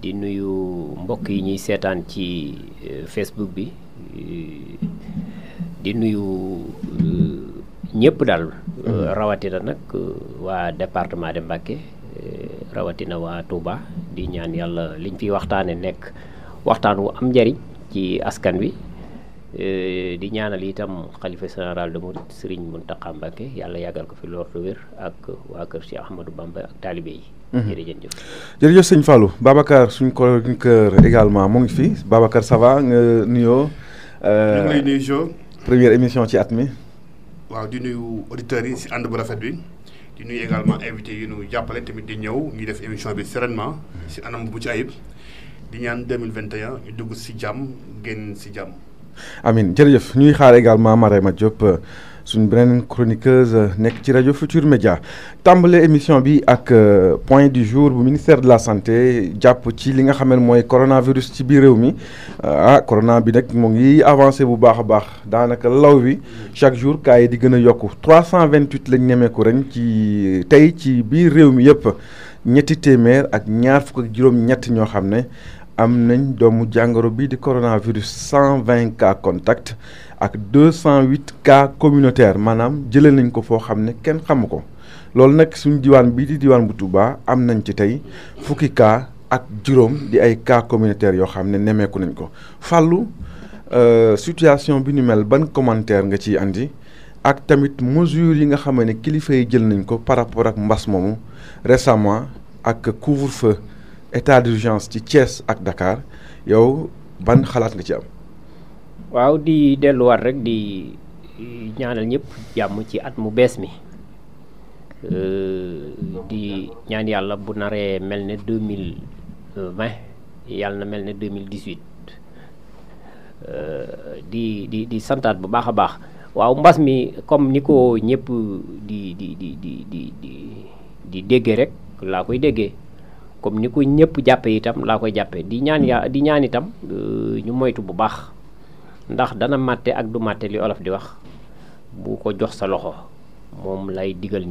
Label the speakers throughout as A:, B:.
A: di nuyu mbokk yi ñuy seetaan ci euh, facebook bi euh, di nuyu euh, ñëpp daal mm-hmm. rawatina nag waa département de Mbacké rawatina waa Touba di ñaan yàlla liñ fi waxtaane nekk waxtaan wu am njariñ ci askan wi di ñaanal itam xalifa général de Mourid Serigne Mountakha Mbacké yàlla yàggal ko fi loor wér ak waa kër Cheikh Ahmadou Bamba ak talibé Mm-hmm. jërëjëf
B: jërëjëf sëñ fallu Babacar suñ chroniqueur également mu ngi fi Babacar ça va nga nuyoo. Euh, ñu lay nuyu Jo. première émission ci at mi.
C: waaw di nuyu auditeurs yi si ànd bu rafet bi di nuyu également invité yi ñu jàppale tamit di ñëw ñuy def émission bi sereinement si anam bu ci ayib di ñaan 2021 ñu dugg si jàmm génn si jàmm.
B: amin jërëjëf ñuy xaar également Marème Diop suñu beneen chroniqueuse euh, nek ci radio Futur Média tambalé émission bi ak euh, point du jour bu ministère de la santé japp ci li nga xam moy coronavirus ci biir réew mi euh, ah corona bi nag mo ngi avancer bu baax a baax daanaka law wi chaque jour cas yi di gëna yokku 328 lañ ko ren ci tay ci biir réew mi yëpp ñetti téeméer ak ñaar fuk ak juroom ñett ño xamné am nañ doomu jangoro bi di coronavirus 120 cas contact ak deux cent huit cas communautaire maanaam jëlee nañ ko foo xam ne kenn xamu ko loolu nag suñu diwaan bii di diwaan bu Touba am nañ ci tey fukki cas ak juróom di ay cas communautaire yoo xam ne nemmeeku nañ ko fàllu euh, situation bi nu mel ban commentaire nga ci andi ak tamit mesures yi nga xam ne kilifa yi jël nañ ko par rapport ak mbas moomu récemment ak couvre-feu état d'urgence ci Thiès ak Dakar yow ban xalaat nga ci am.
A: waaw di delluwaat rek di ñaanal ñëpp jàmm ci at mu bees mi euh, di ñaan yàlla bu naree mel ne deux mille vingt yàlla na mel ne deux mille dix huit euh, di di di santaat bu baax a baax waaw mbas mi comme ni ko ñëpp di di di di di di di déggee rek laa koy déggee comme ni ko ñëpp jàppee itam laa koy jàppee di ñaan ya di ñaan itam euh, ñu moytu bu baax. ndax dana màtte ak du màtte li olof di wax bu ko jox sa loxo moom lay digal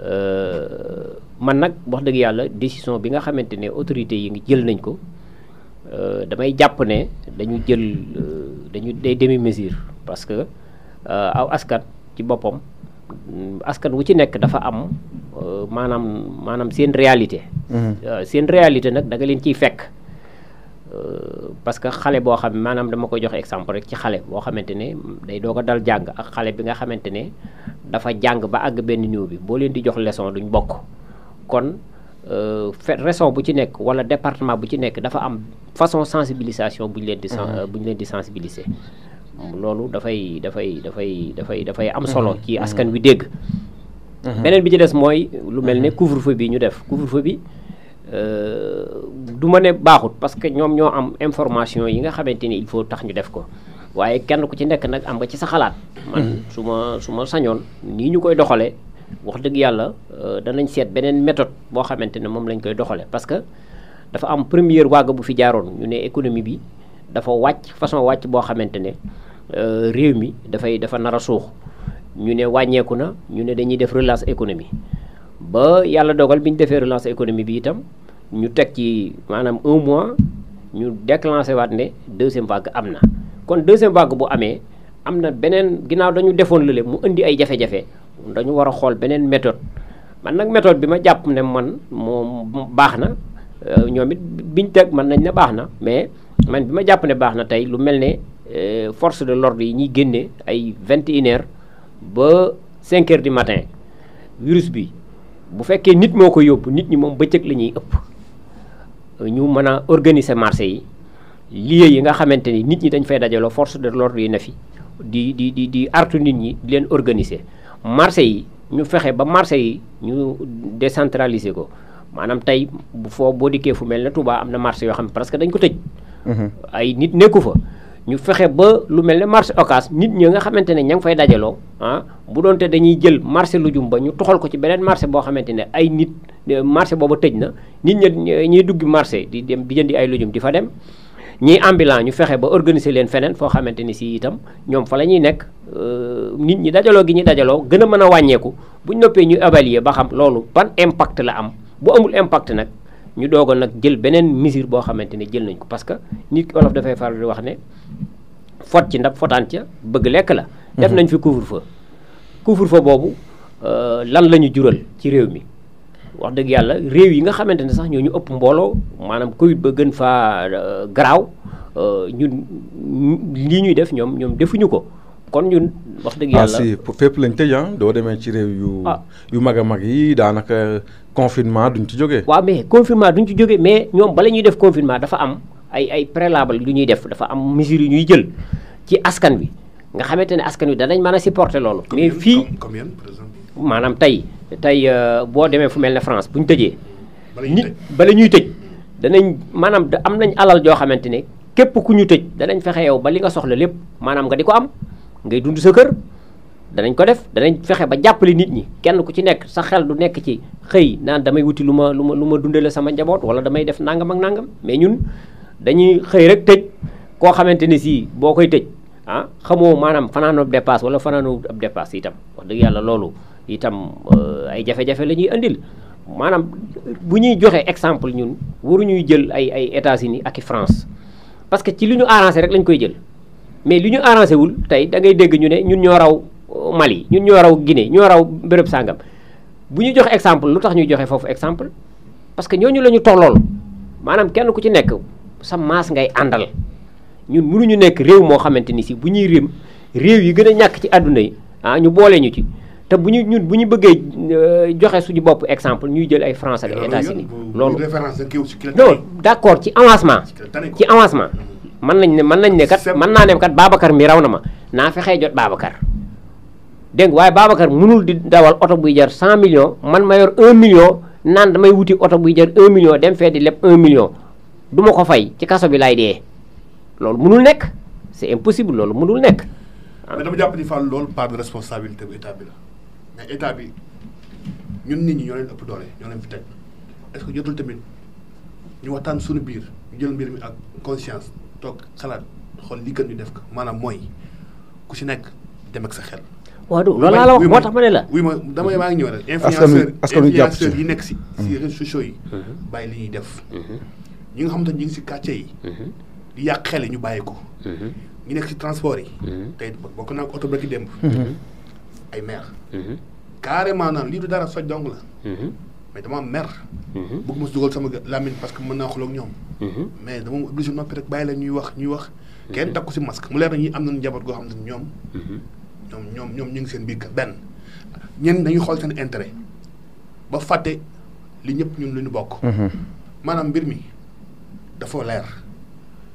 A: euh man nak wax deug yalla décision bi nga xamantene autorité yi ngi jël nañ ko euh, damay japp ne dañu jël euh, dañu day demi mesure parce que euh, aw askan ci bopom askan wu ci nek dafa am manam manam seen réalité mm-hmm. seen réalité nak da nga leen ci fekk parce que xale boo xam maanaam dama koy joxe exemple rek ci xale boo xamante ne day doog a dal jàng ak xale bi nga xamante ne dafa jàng ba àgg benn niveau bi boo leen di jox leçon duñ bokk kon euh, fet raison bu ci nekk walla département bu ci nekk dafa am façon sensibilisation bu ñu leen di mm-hmm. bu ñu leen di sensibiliser loolu dafay dafay dafay dafay dafay am solo mm-hmm. ci askan mm-hmm. wi dégg beneen bi ci des mooy lu mel ne couvre-feu bi ñu def couvre-feu bi Euh, du ma ne baaxut parce que ñoom ñoo am information yi nga xamante ni il faut tax ñu def ko waaye kenn ku ci nekk nag am nga ci sa xalaat. man mm-hmm. su ma su ma sañoon nii ñu koy doxalee wax dëgg yàlla euh, danañ seet beneen méthode boo xamante ne moom lañ koy doxalee parce que dafa am première vague bu fi jaaroon ñu ne économie bi dafa wàcc façon wàcc boo xamante ne euh, réew mi dafay dafa nar a suux ñu ne wàññeeku na ñu ne dañuy def relance économie. ba yàlla dogal bi ñu defee relance économie bi itam ñu teg ci maanaam un mois ñu déclenché waat ne deuxième vague am na kon deuxième vague bu amee am na beneen ginnaaw dañu defoon lële mu indi ay jafe-jafe dañu war a xool beneen méthode man nag méthode bi ma jàpp ne man moom baax na euh, ñoom it biñ teg mën nañ ne baax na mais man bi ma jàpp ne baax na tey lu mel ne euh, force de l'ordre yi ñuy génne ay vingt et une ba cinq heures du matin virus bi bu fekkee nit moo ko yóbbu nit ñi moom bëccëg la ñuy ëpp ñu mën a organiser marché yi lieux yi nga xamante ni nit ñi dañ fay dajaloo force de l'ordre yi ne fi di di di di artu nit ñi di leen organiser marché yi ñu fexe ba marché yi ñu décentraliser ko maanaam tey bu foo boo dikkee fu mel ne tubaa am na marché yoo xam ne parce que dañ ko tëj. Mhm. ay nit nekku fa. ñu fexe ba lu mel ne marché Ocass nit ñi nga xamante ne ña ngi fay dajaloo ah bu doonte dañuy jël marché lujum ba ñu toxal ko ci benen marché bo xamante ay nit marché bobu tejj na nit ñi ñi dugg marché di dem di jëndi ay lujum di fa dem ñi ambulant ñu fexé ba organiser leen fenen fo xamanteni ci si itam ñom fa lañuy nek nekk euh, nit ñi dajalo gi ñi dajalo gëna mëna wañéku a wàññeeku bu ñu ñu évaluer ba xam loolu ban impact la am bu amul impact nak ñu dogo nak jël benen mesure bo xamanteni jël nañ ko parce que nit ki olof dafay faral di wax ne fot ci ndab fotante bëgg lek la mhm. def nañ fi couvre feu couvre-feu boobu euh, lan la ñu jural ci réew mi wax dëgg yàlla réew yi nga xamante ne sax ñoo ñu ëpp mbooloo maanaam Covid ba gën faa euh,
B: garaaw euh, ñun lii ñuy def ñoom ñoom defuñu ko kon ñun wax dëgg yàlla ah, si fépp lañ tëj ah doo demee ci réew yu ah. yu mag a yi daanaka confinement duñ ci jóge waaw mais confinement duñ ci jógee mais ñoom bala ñuy def confinement dafa am
A: ay ay préalable yu ñuy def dafa am mesures yu ñuy jël ci askan bi nga xamante ne askan wi danañ mën a supporter loolu. mais fii maanaam tey tey euh, boo demee fu mel ne France bu ñu tëjee. nit bala ñuy tëj danañ maanaam am nañ alal joo xamante ne képp ku ñu tëj danañ fexe yow ba li nga soxla lépp maanaam nga di ko am ngay dund sa kër. danañ ko def danañ fexe ba jàppale nit ñi kenn ku ci nekk sa xel du nekk ci xëy naan damay wuti lu ma lu ma lu ma dundale sama njaboot wala damay def nangam ak nangam mais ñun dañuy xëy rek tëj koo xamante ne sii boo koy tëj. ah xamoo maanaam fanaanob dépasse wala fanaano ab dépasse itam wax dëgg yàlla loolu itam euh, ay jafe-jafe la ñuy andil maanaam bu ñuy joxe exemple ñun waruñuy jël ay ay États-Unis ak France parce que ci li ñu arrangé rek lañ koy jël mais li ñu arrangé wul tey da ngay dégg ñu ne ñun ñoo raw euh, Mali ñun ñoo raw Guinée ñoo raw béréb sàngam bu ñu joxe exemple lu tax ñuy joxe foofu exemple parce que ñooñu la ñu tollool maanaam kenn ku ci nekk sa maas ngay àndal ñun mënuñu nekk réew moo xamante ni si bu ñuy réem réew yi gën a ñàkk ci àdduna yi ah ñu boole ñu ci te bu ñu ñun bu ñu bëggee euh, joxe suñu bopp exemple ñuy jël ay français ak états-unis loolu non d' accord ci avancement ci avancement man mm-hmm. nañ ne man nañ ne kat man naa ne kat Babacar mi raw na ma naa fexee jot Babacar dégg waaye Babacar mënul di dawal oto buy jar 100 millions man ma yor 1 million naan damay wuti oto buy jar 1 million dem fee di leb 1 million du ma ko fay ci kaso bi lay dee loolu mënul nekk c'est impossible loolu mënul nekk.
C: mais dama jàpp ni Fall loolu part de responsabilité bu état bi la mais état bi ñun nit ñi ñoo leen ëpp doole ñoo leen fi teg est-ce que jotul tamit ñu waxtaan suñu biir ñu jël mi ak conscience toog xalaat xool li gën ñu def ko maanaam mooy ku si nekk dem ak sa xel. waaw du loolu laa la wax moo tax ma ne la. oui ma damay maa ngi ñëw rek. influenceur influenceur yi nekk si si mm-hmm. réseaux sociaux yi. Mm-hmm. bàyyi li ñuy def. Mm-hmm. ñu nga xam ne ñu ngi si quartier yi. di yàq xel ñu bàyyi ko. Mhm. ñu nekk ci transport yi. Mhm. tey bokk naa ko oto bi démb. Mhm. ay maire. carrément naan lii du dara soj dong la. mais dama am mer. bëgg ma si sama lamine parce que mën naa xuloog ñoom. mais dama ma obligé noppi rek bàyyi la ñuy wax ñuy wax. kenn takku si masque mu leer na ñi am nañu njaboot goo xam ne ñoom. ñoom ñoom ñoom ñu ngi seen biir benn ñen dañuy xool seen intérêt ba fàtte li ñëpp ñun lu ñu bokk. maanaam mbir mi dafa leer.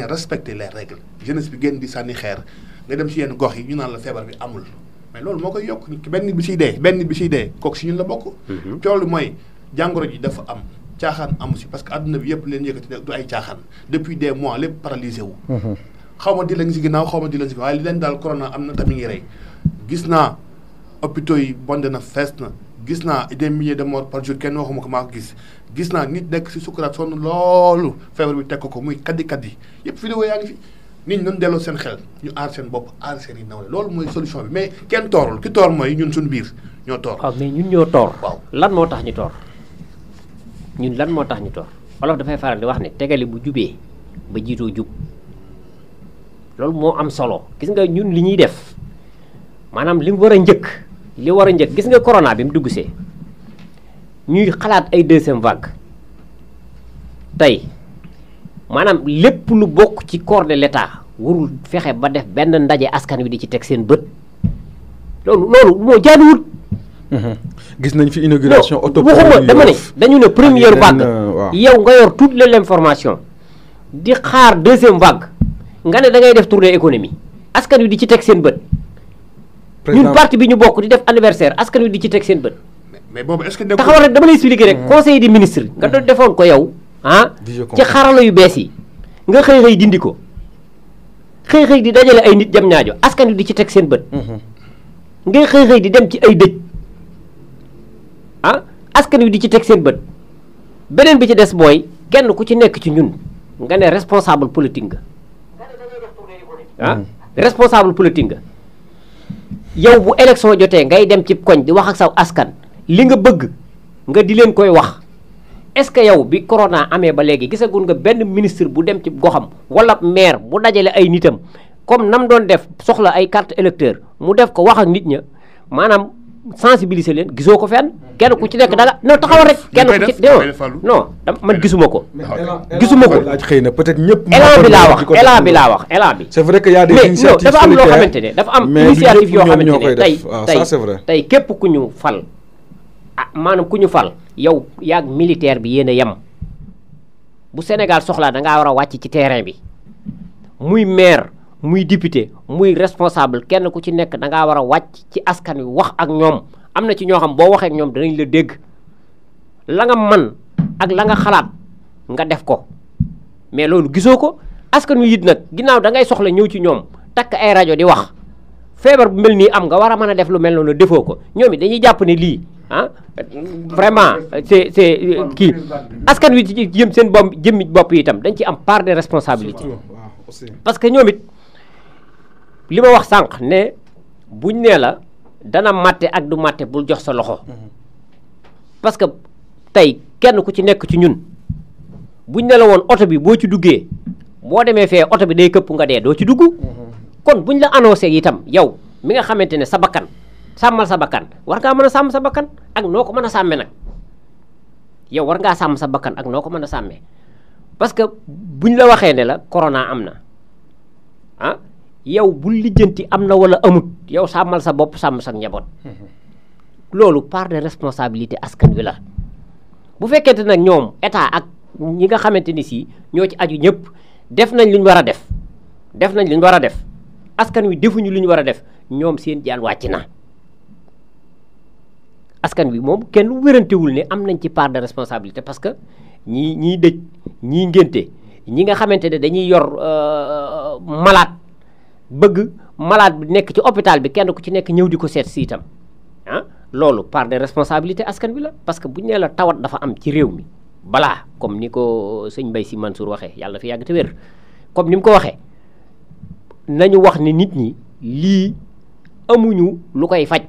C: respecter les règles je ne suis di sànni xeer nga dem gox yi ñu la mais loolu moo koy yokk bi siy dee benn bi siy dee kooku si ñun la bokk. Mhm. mooy ji dafa am parce que àdduna bi yëpp leen yëkkati du depuis des mois les paralysés wu. Mhm. xaw ma di si ginnaaw xaw ma di corona am na tamit rey hôpitaux yi bondé na fees na des milliers de morts par jour kenn waxuma gis naa nit nekk si sukuraat sonn loolu feebar bi teg ko ko muy kaddi kaddi yëpp vidéo yaa ngi fi nit ñi doon seen xel ñu aar seen bopp aar seen yi naw loolu mooy solution bi mais kenn toorul ki toor mooy ñun suñu biir ñoo
A: toor. waaw mais ñun ñoo toor. waaw lan moo tax ñu toor ñun lan moo tax ñu toor wolof dafay faral di wax ne tegale bu jubee ba jiitoo jub loolu moo am solo gis nga ñun li ñuy def maanaam li mu war a njëkk li war a njëkk gis nga corona bi mu dugg see nous avons ay deuxième vague tey maanaam qui lu bokk ci corps de l'état warul fexe ba def benn ndaje askan wi di ci teg seen bët loolu
B: loolu moo mhm. gis nañ fi inauguration auto waxuma dama dañu première vague euh, yow
A: nga yor toutes les informations di xaar deuxième vague nga ne da ngay def tournée économie askan wi di ci teg seen bët ñun parti bi ñu bokk di def anniversaire askan wi di ci teg seen bët mais boobu est que taxawal rek dama lay expliquer rek hmm. conseil des ministres hmm. nga doon defoon ko yow ah ci xarala yu bees yi nga xëy xëy dindi ko xëy xëy di dajale ay nit jam ñaajo askan wi di ci teg seen bët hmm. ngay xëy dem ci ay dëj ah askan wi di ci teg seen bët beneen bi ci des mooy kenn ku ci nekk ci ñun nga ne responsable politique nga ah responsable politique nga yow bu élection jotee ngay dem ci koñ di wax ak saw askan li nga bëgg nga di leen koy wax est-ce que yow bi corona amee ba léegi gisagul nga benn ministre bu dem ci goxam walla maire bu dajale ay nitam comme nam doon def soxla ay carte électeur mu def ko wax ak nit ña maanaam sensibiliser leen gisoo ko fenn kenn ku ci nekk danga non taxawal rek kenn ku ci
B: non non man gisuma ko gisuma ko xëy na peut-être ñëpp élan bi laa a des initiatives dafa am loo xamante ne dafa am initiative yoo xamante ne tey ah,
A: tey képp ku ñu fal ah maanaam ku ñu fal yow yaag militaire bi yéen a yem bu Sénégal soxlaa da war a wàcc ci terrain bi muy maire muy député muy responsable kenn ku ci nekk da ngaa war a wàcc ci askan wi wax ak ñoom am na ci ñoo xam boo waxee ñoom danañ la dégg la nga man ak la nga xalaat nga def ko mais loolu gisoo ko askan wi it nag ginnaaw da ngay soxla ñëw ci ñoom takk ay rajo di wax feebar bu mel nii am nga war a mën a def lu mel noonu defoo ko ñoom it dañuy jàpp ne lii. ah vraiment c'est c'est euh, kii askan wi ci jëm seen bopp jëmmi bopp yitam dañ ci am part de responsabilité parce que ñoom it li ma wax sànq ne buñ nee la dana màtte ak du màtte bul jox sa loxo mhm. parce que tey kenn ku ci nekk ci ñun buñ ne la woon oto bi boo ci duggee boo demee fee oto bi day këpp nga dee doo ci duggu mhm. kon buñ la annoncé itam yow mi nga xamante ne sa bakkan samal sa bakkan war nga sabakan, sam sa bakkan ak noko mëna samé nak yow ya, war nga sam sa bakkan ak noko mëna samé parce que buñ la waxé né la corona amna, ha yow bu lijeenti amna wala amut yow samal sa bop sam sa njaboot lolu part de responsabilité askan wi la bu nyom, nak ñom état ak ñi nga xamanteni si ñoo ci aju ñëpp def nañ lu wara def def nañ wara def askan wi defuñu lu wara def ñom seen jaan wàcc na askan wi moom kenn wérantewul ne am nañ ci part de responsabilité parce que ñii ñii dëj ñii ngénte ñi nga xamante ne dañuy yor euh, euh, malaat bëgg malaat bi nekk ci hôpital bi kenn ku ci nekk ñëw di ko seet si itam ah loolu part de responsabilité askan wi la parce que bu ñu nee la tawat dafa am ci réew mi balaa comme ni ko sëñ Mbaye Sy Mansour waxee yàlla fi yàgg te wér comme ni mu ko waxee nañu wax ni nit ñi lii amuñu lu koy faj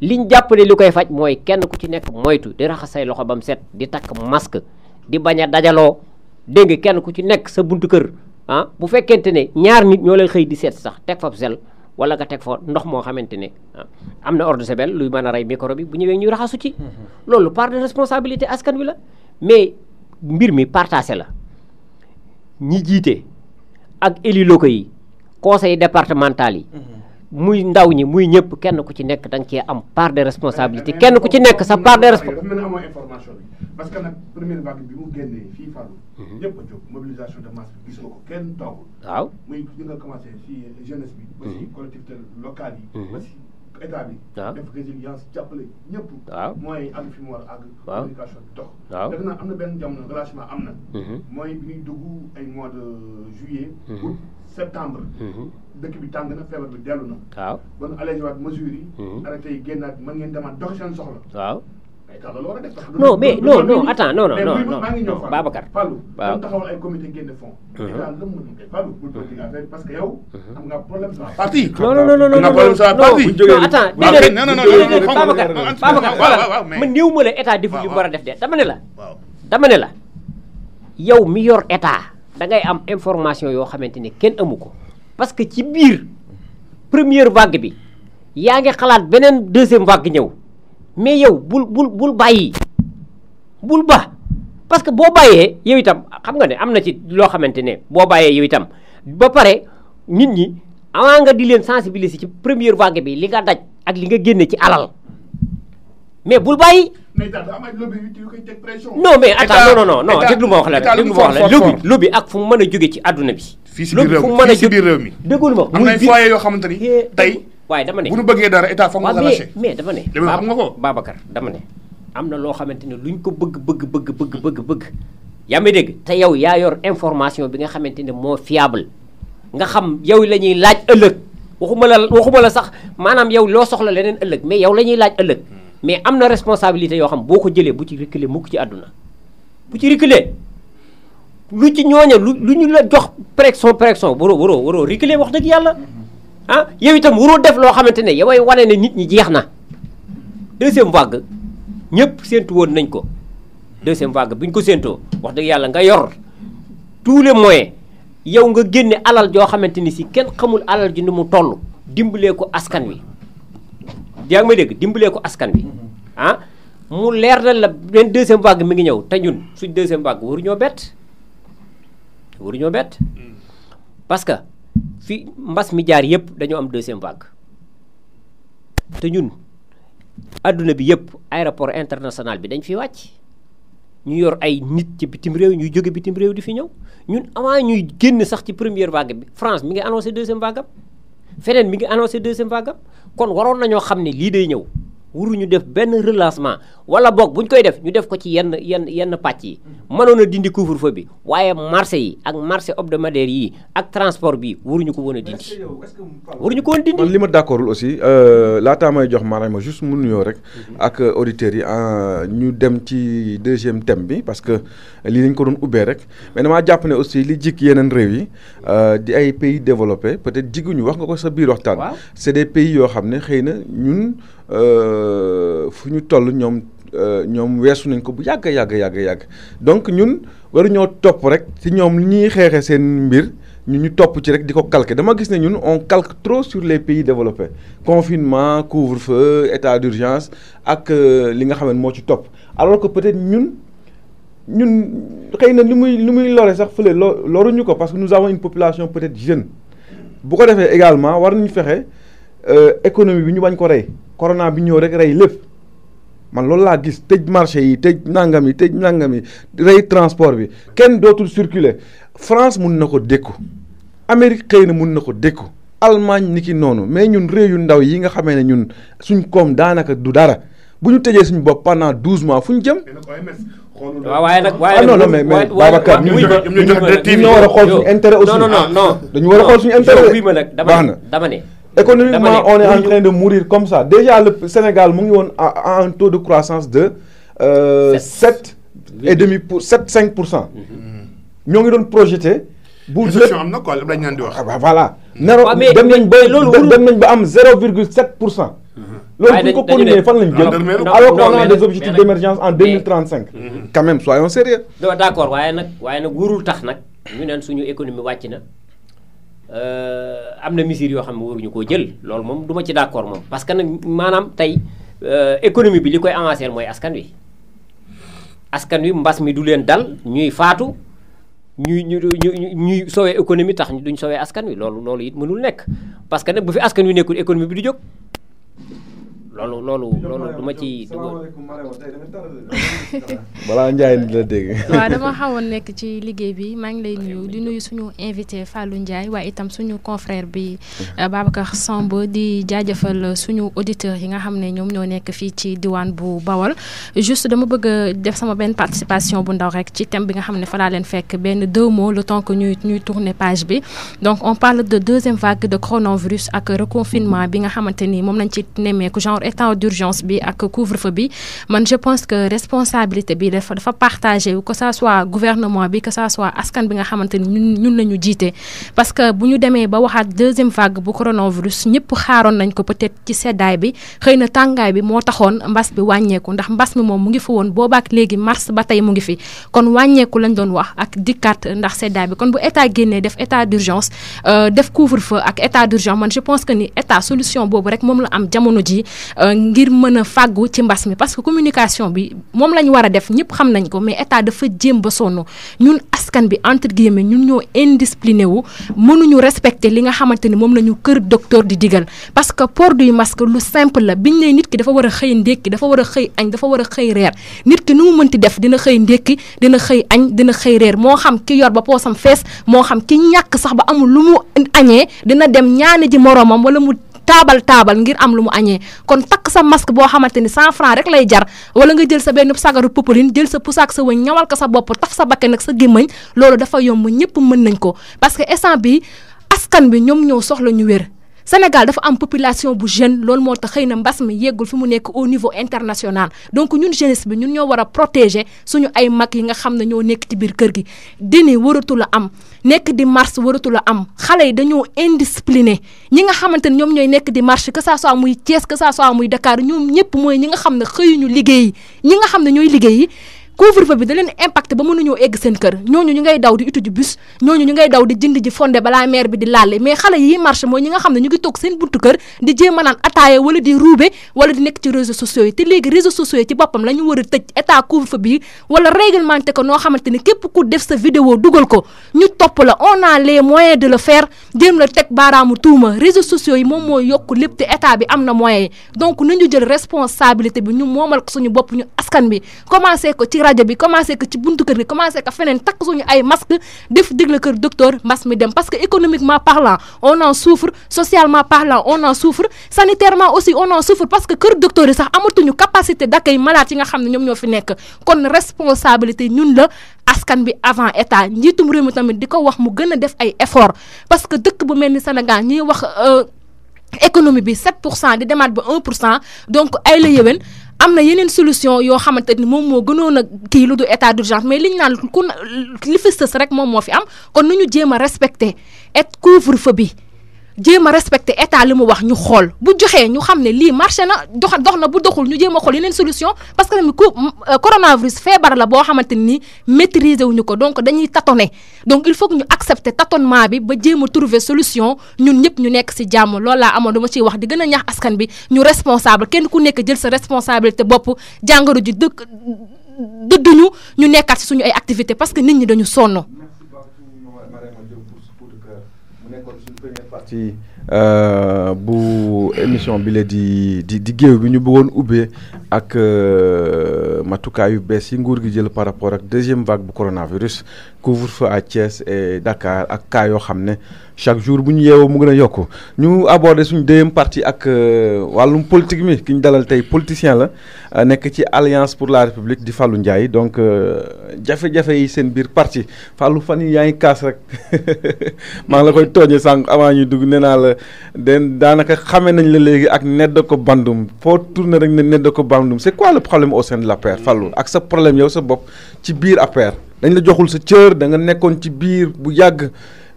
A: liñ jappalé likoy faj kenn ku ci nek moytu di raxay loxo bam set di tak masque di baña dajalo dajaloo kenn ku ci nek sa buntu kër ah bu fekkente ne ñaar nit ñoo lay xëy di set sax tek fa sel wala ga tek fo ndox mo xamantene amna ah, ordre sebel luy mëna ray micro bi bu ñëwee ñu raxasu ci. Mm-hmm. lolu part de responsabilité askan wi la mais mbir mi partager la ñi jité ak élu locaux yi conseil départemental yi. Mm-hmm. muy ndaw ñi muy ñëpp kenn ku ci nekk da nga cee am part de responsabilité kenn ku ci nekk sa part de responsabilité
C: parce que nag première vague bi mu génnee fii Fallou. Mhm. ñëpp mobilisation de masse bi gisoo ko kenn toogul. waaw commencé ci jeunesse bi. ba ci mhm. collectivité locale yi. Mhm. ba ci état bi. waaw mooy àgg fi mu war a àgg. waaw communication bi naa am na benn jamono ma am na. mooy bi ñuy dugg ay mois de juillet. septembre. Mhm. dëkk bi tàng na feebar bi dellu na. waaw ba nu allégé waat mesures yi. Mhm. arrêté yi génnaat mën ngeen demaat dox seen soxla. waaw. non mais non la mu mën Fallou bul politique affaire parce que yow. Mhm.
A: am nga problème sama parti. non non non ma la état deful li mu war a def de dama ne la. mi yor état. da ngay am information yoo xamante ne kenn amu ko parce que ci biir première vague bi yaa ngi xalaat beneen deuxième vague ñëw mais yow bul bul bul bàyyi bul ba parce que boo bàyyee yow itam xam nga ne am na ci loo xamante ne boo bàyyee yow itam ba pare nit ñi avant nga di leen sensibiliser ci première vague bi li nga daj ak li nga génne ci alal mais bul bayyi
C: mais non mais attends non non non non deglu ma wax la deglu ma wax la lobby
A: lobby ak fu meuna joge ci aduna bi. fii si biir réew mi fii si biir réew mi deglu ma. am na foyer yo xamanteni tay tey. dama ne bu nu beugé dara état fa nga lâché mais dama ne. dama nga ko Babacar dama ne. amna lo xamanteni luñ ko bëgg bëgg bëgg bëgg bëgg bëgg. ya may deg te yow ya yor information bi nga xamanteni mo fiable nga xam yow lañuy laaj ëllëg waxuma la waxuma la sax manam yow lo soxla leneen ëllëg mais yow lañuy laaj ëllëg mais am na responsabilité yoo xam boo ko jëlee bu ci reculer mukk ci àdduna bu ci reculer lu ci ñooña lu lu ñu la jox pression pression waroo waroo waroo reculer wax dëgg yàlla ah yow itam waroo def loo xamante ne yoway wane na nit ñi jeex na deuxième vague ñëpp séentu woon nañ ko deuxième vague bu ñu ko séentoo wax dëgg yàlla nga yor tous les moyens yow nga génne alal joo xamante ni si kenn xamul alal ji ni mu toll dimbalee ko askan wi yaa ngi may dégg dimbalee ko askan bi mm-hmm. ah mu leer na la benn deuxième vague mi ngi ñëw te ñun suñ deuxième waru ñoo bett waruñoo bett mm. parce que fi mbas mi jaar yëpp dañoo am deuxième vague te ñun adduna bi yëpp aéroport international bi dañ fi wàcc ñu yor ay nit ci bitim réew ñuy jóge bitim réew di fi ñëw ñun avant ñuy génn sax ci première vague bi France mi ngi annoncé deuxième vague feneen mi ngi annoncé deuxième vague kon waroon na nañoo xam ne lii day ñëw wuruñu def benn relâchement wala boog bu ñu koy def ñu def ko ci yenn yenn yenn pàcc yi mënoon a dindi couvre-feu bi waaye marché yi ak de hebdomadaire yi ak transport bi wuruñu ko woon a
D: dindi.
B: wuruñu ko woon dindi. li ma d'accordul aussi euh, laataa may jox maanaam ma juste mu nuyoo rek ak auditeurs yi ah, ñu dem ci deuxième teme bi parce que lii lañ ko doon ubbee rek mais damaa jàpp ne aussi li jik yeneen réew yi euh, di ay pays développés peut-être jiguñu wax nga ko sa biir waxtaan. c'est des pays yoo xam ne xëy na ñun. Euh, fu ñu toll ñoom euh, ñoom weesu nañ ko bu yàgg yàgg yàgg yàgg donc ñun waruñoo topp rek ci ñoom li ñuy xeexee seen mbir ñu ñu topp ci rek di ko calquer dama gis ne ñun on calque trop sur les pays développés confinement couvre-feu état d'urgence ak euh, li nga xam moo ci topp alors que peut-être ñun ñun xëy na li muy li muy lore sax fële lo loruñu ko parce que nous avons une population peut-être jeune bu ko defee également war nañu fexe économie bi ñu bañ ko rey corona bi ñëw rek rey lépp man loolu laa gis tëj marché yi tëj nangam yi tëj nangam yi rey transport bi kenn dootul circuler France mun na ko dékku Amérique xëy na mun na ko dékku Allemagne ni ki noonu mais ñun réew yu ndaw yi nga xamee ne ñun suñ koom daanaka du dara bu ñu tëjee suñu bopp pendant douze mois fu ñu jëm.
A: waaw waaye nag mais mais Babacar ñu ñu ñu war a xool suñu intérêt aussi. non non non dañu war a xool suñu intérêt.
B: baax na Économiquement, on est en train de mourir comme ça. Déjà, le Sénégal a un taux de croissance de euh, 7,5%. Nous avons projeté. Ah bah voilà. Mm-hmm. dem nañ 0,7% mm-hmm. alors qu'on a des objectifs d'émergence en 2035 mm-hmm. quand même soyons sérieux
A: d'accord mais nag waaye nag wurul tax nag ñu neen suñu économie wàcc Euh, am na mesures yoo xam ne waruñu koo jël loolu moom du ma ci d'accord moom parce que nag maanaam tey euh, économie bi li koy avancer mooy askan wi askan wi mbas mi du leen dal ñuy faatu ñuy ñu ñuy sowee économie tax duñ sowee askan wi loolu loolu it mënul nekk parce que nag bu fi askan wi nekkul économie bi du jóg loolu loolu loolu
B: du ma ci dugal balaa Ndiaye di la dégg. waaw dama
E: xawoon nekk ci liggéey bi maa ngi lay nuyu di nuyu suñu invité Fallou Ndiaye waaye itam suñu confrère bi euh, Babacar Samb di jaajëfal suñu auditeurs yi nga xam ne ñoom ñoo nekk fii ci diwaan bu Bawol. juste dama bëgg a def sama benn participation bu ndaw rek ci thème bi nga xam ne fa laa leen fekk benn deux mots le temps que ñuy ñuy tourner page bi donc on parle de deuxième vague de coronavirus ak reconfinement bi nga xamante ni moom lañ ci nemmeeku genre état d'urgence bi ak couvre-feu bi man je pense que responsabilité bi dafa dafa partagé que ça soit gouvernement bi que ça soit askan bi nga xamanteni ñun ñun la ñu parce que bu ñu demee ba waxat deuxième vague bu coronavirus ñëpp xaaron nañ ko peut-être ci seddaay bi xeyna tangay bi mo taxone mbass bi wañéku ndax mbass mi mom mu ngi fi woon boobaak légui mars ba tey mu ngi fi kon wañéku lañ doon wax ak dikkat ndax seddaay bi kon bu état génnee def état d'urgence euh, def couvre-feu ak état d'urgence man je pense que ni état solution bobu rek mom la am jamono ji Euh, ngir mën a fàggu ci mbas mi parce que communication bi moom lañu war a def ñëpp xam nañ ko mais état dafa jéem ba sonn ñun askan bi entre guillemets ñun ñoo indiscipliné wu mënuñu respecter li nga xamante ni moom la ñu kër docteur di digal parce que port du masque lu simple la biñ ne nit ki dafa war a xëy ndékki dafa war a xëy añ dafa war a xëy reer nit ki nu mu mënti def dina xëy ndékki dina xëy añ dina xëy reer moo xam ki yor ba poosam fees moo xam ki ñàkk sax ba amul lu mu añee dina dem ñaani ji moroomam wala mu taabal taabal ngir am lu mu añee kon takk sa masque boo xamante ni cent franc rek lay jar wala nga jël sa benn sagaru popeline jël sa pusaak sa wëñ ñawal ko sa bopp taf sa bakke nag sa gémmañ loolu dafa yomb ñëpp mën nañ ko parce que instant bi askan bi ñoom ñëw soxla ñu wér Sénégal dafa am population bu jeune lool moo tax na mbas au niveau international donc ñun jeunesse bi ñun ñoo protéger suñu ay mag yi nga xam ne ñoo nekk ci biir kër gi dini waratu la am nekk di marche la am xale yi dañoo indiscipliné ñi nga xamante ne ñoom que ça soit muy Thiès que ça Dakar ne ñi couvre-feu bi da leen impacté ba mënuñoo egg seen kër ñooñu ñu ngay daw di utu ji bus ñooñu ñu ngay daw di jënd ji fondé balaa maire bi di laale mais xale yi marché mooy ñi nga xam ne ñu ngi toog seen buntu kër di jéem a naan ataaya wala di ruube wala di nekk ci réseaux sociaux yi te léegi réseaux sociaux yi ci boppam la ñu war a tëj état couvre-feu bi wala réglementé ko noo xamante ni képp ku def sa vidéo dugal ko ñu topp la on a les moyens de le faire jéem la teg baaraamu tuuma réseaux sociaux yi moom mooy yokk lépp te état bi am na moyens yi donc nañu jël responsabilité bi ñu moomal suñu bopp ñu askan bi rajo bi commencé que ci buntu kër gi commencé que feneen takk suñu ay masque def digle kër docteur mas mi dem parce que économiquement parlant on en souffre socialement parlant on en souffre sanitairement aussi on en souffre parce que kër docteur yi sax amatuñu capacité d'accueil malade yi nga xam ne ñoom ñoo fi nekk kon responsabilité ñun la askan bi avant état njiitum réew mi tamit di ko wax mu gën a def ay effort parce que dëkk bu mel ni Sénégal ñuy wax euh, économie bi 7 pour cent di demaat ba 1 donc ay la yéwén am na yeneen solution yoo xamante ni moom moo gënoon a kii lu du état d'urgence mais li ñu naan ku li fi rek moom moo fi am kon nu ñu jéem a respecté et couvre-feu bi djema respecter état li mu wax ñu xol bu joxé ñu xamné li lii marché na dox dox bu doxul ñu djema xol xool yeneen solution parce que tamit ku euh, coronavirus feebar la bo xamante ni maîtriser wuñu ko donc dañuy tâtonner donc il faut que ñu accepter tâtonnement bi ba djema trouver solution ñun ñep ñu nekk ci jamm loolu laa amoon dama ci wax di gëna ñax askan bi ñu responsable kenn ku nekk jël sa responsabilité bop jangaru ju dëkk dëdduñu ñu nekkat ci suñu ay activité parce que nit ñi dañu sonno
B: partie euh, bu émission bi la di di di géew bi ñu bëggoon ubbee ak euh, matukaay yu bees yi nguur gi jël par rapport ak deuxième vague bu coronavirus couvre-feu à Thiès et Dakar ak Kayo, chaque jour nous y deuxième partie euh, politique politicien euh, alliance pour la république de Fallou donc euh, jafe-jafe yi seen biir parti Fallou y a un ngi kaas rek y a la koy avant de nous bandum c'est quoi le problème au sein de paire, Fallou ak problème dañ la joxul sa cër da nga nekkoon ci biir bu yàgg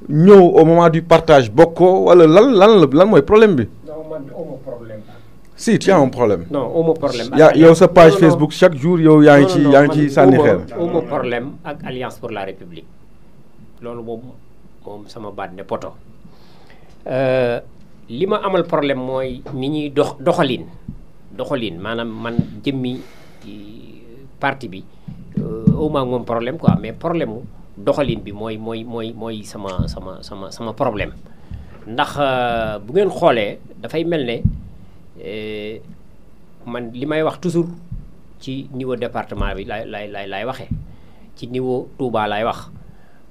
B: ñëw au moment du partage bokkoo wala lan lan la lan mooy problème bi.
A: non man problème.
B: si tu as un problème. non amoo problème. yaa yow sa page Facebook chaque jour yow yaa ngi ci yaa ngi ci sànni xeer.
A: amoo problème ak alliance pour la république loolu moom moom sama baat ne poto. Euh, li ma amal problème mooy ni ñuy dox doxalin doxalin maanaam man jëmmi euh, parti bi. awma moom problème quoi mais problème mu doxalin bi mooy mooy mooy mooy sama sama sama sama problème ndax euh, bu ngeen xoolee dafay mel ne euh, man li may wax toujours ci niveau département bi laay laay laay laay waxee ci niveau Touba laay wax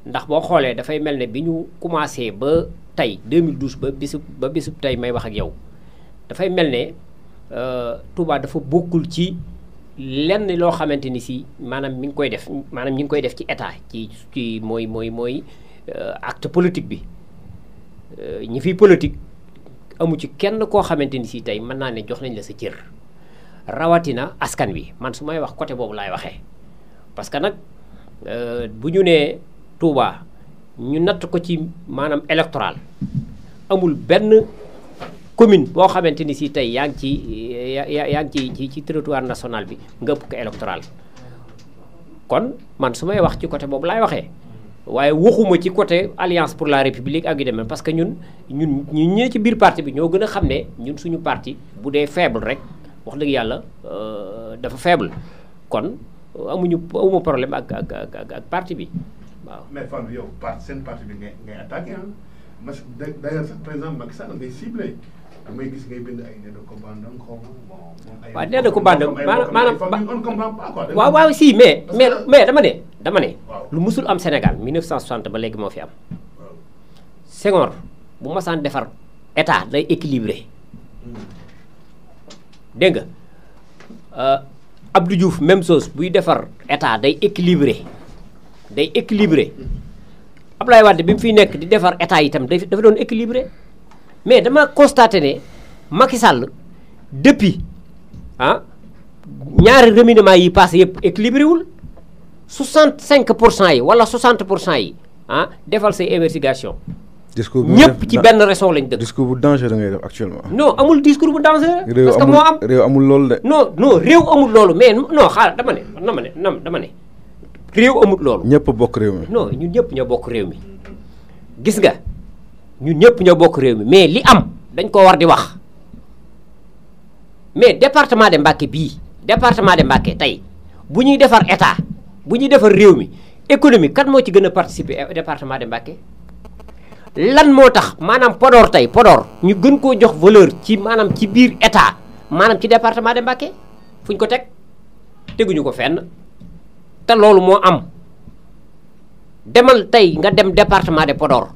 A: ndax boo xoolee dafay mel ne bi ñu commencé ba tey 2012 ba bisub ba bisub tey may wax ak yow dafay mel ne euh, Touba dafa bokkul ci lenn loo xamante ni si maanaam mi ngi koy def maanaam ñi ngi koy def ci état ci ci mooy mooy mooy euh, acte politique bi euh, ñi fiy politique amu ci kenn koo xamante ni sii tey mën naa ne jox nañ la sa cër rawatina askan wi man su may wax côté boobu laay waxee parce que nag euh, bu ñu nee Touba ñu natt ko ci maanaam électoral amul benn. commune boo xamante ni si tey yaa ngi ci yaa ngi ci ci territoire national bi nga ëpp ko électoral kon man su may wax ci côté boobu laay waxee waaye waxuma ci côté alliance pour la république ak yu demee parce que ñun ñun ñu ñëwee ci biir parti bi ñoo gën a xam ne ñun suñu parti bu dee faible rek wax dëgg yàlla euh, dafa faible kon amuñu amuma problème ak ak parti bi waaw.
C: damay gis ngay bind waaw waaw si mais
A: mais mais dama ne dama ne lu musul am Sénégal 1960 ba léegi moo fi am Senghor bu masaan defar état day équilibré dégg nga euh, Abdou Diouf buy defar état day équilibré day équilibré Abdoulaye Wade bi mu fiy nekk di defar état itam dafa doon équilibré mais dama constaté ne Macky Sall depuis ah ñaari remaniement yi passé yëpp équilibré wul cinq pour cent yi wala 60 pour cent yi ah defal say investigation
B: discours bu ñëpp ci benn raison lañ dëkk. discours bu dangereux ngay def actuellement.
A: non amul discours bu dangereux. parce que moo am
B: réew amul loolu de. non non
A: réew amul loolu mais non xaaral dama ne dama ne dama ne
B: réew amul loolu. ñëpp bokk réew mi.
A: no ñun ñëpp ñoo bokk réew mi gis nga. ñun ñëpp ñoo bokk réew mi mais li am dañ ko war di wax mais département de Mbacké bii département de Mbacké tey bu ñuy defar état bu ñuy defar réew mi économie kan moo ci gën a participer eh, département de Mbacké lan moo tax maanaam Podor tey Podor ñu gën koo jox valeur ci maanaam ci biir état maanaam ci département de Mbacké fuñ ko teg teguñu ko fenn te loolu moo am demal tey nga dem département de Podor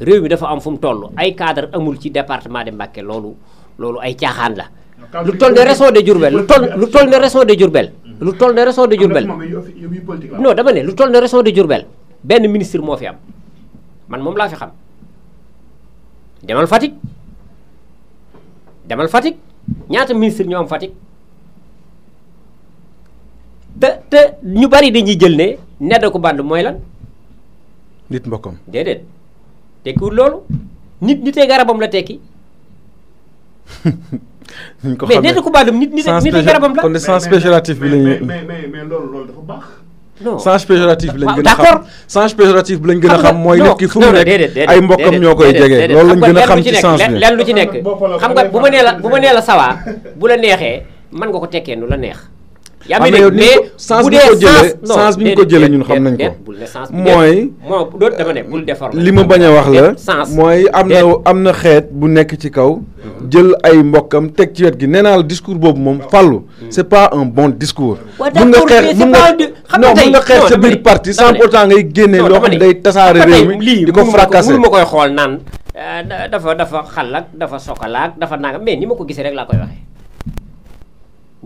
A: réew mi dafa am fu mu toll ay cadre amul ci département de Mbacké loolu loolu ay caaxaan la lu toll ne région de Diourbel lu toll lu toll ne région de Diourbel lu toll ne région de Diourbel non dama ne lu toll ne région de Diourbel benn ministre moo fi am man moom laa fi xam demal Fatick demal Fatick ñaata ministre ñoo am Fatick te te ñu bari dañuy jël ne nedda ko band mooy lan nit mbokkam déedéet tekkiwul loolu nit garabam la tekki.
B: mais nit
A: C'est garabam la. kon sens péjoratif bi la ñu mais mais
B: mais loolu loolu dafa non péjoratif bi péjoratif xam
A: ki ay la yaa ngi dégg mais bu dee sens bi ñu ko jëlee ñun xam nañ ko mooy li ma bañ a wax la
B: mooy am na am na xeet bu nekk ci kaw mm-hmm. jël ay mbokkam teg ci wet gi nee naa la discours boobu moom mm-hmm. fàllu mm-hmm. c'est pas un bon discours
D: mun nga xeex mun nga non mun nga
B: xeex sa biir parti sans pourtant ngay génne loo xam day tasaare réew mi di ko fracassé mënu ma
A: koy xool naan euh, dafa dafa xalak dafa sokalaak dafa nangam mais ni ma ko gisee rek laa koy waxee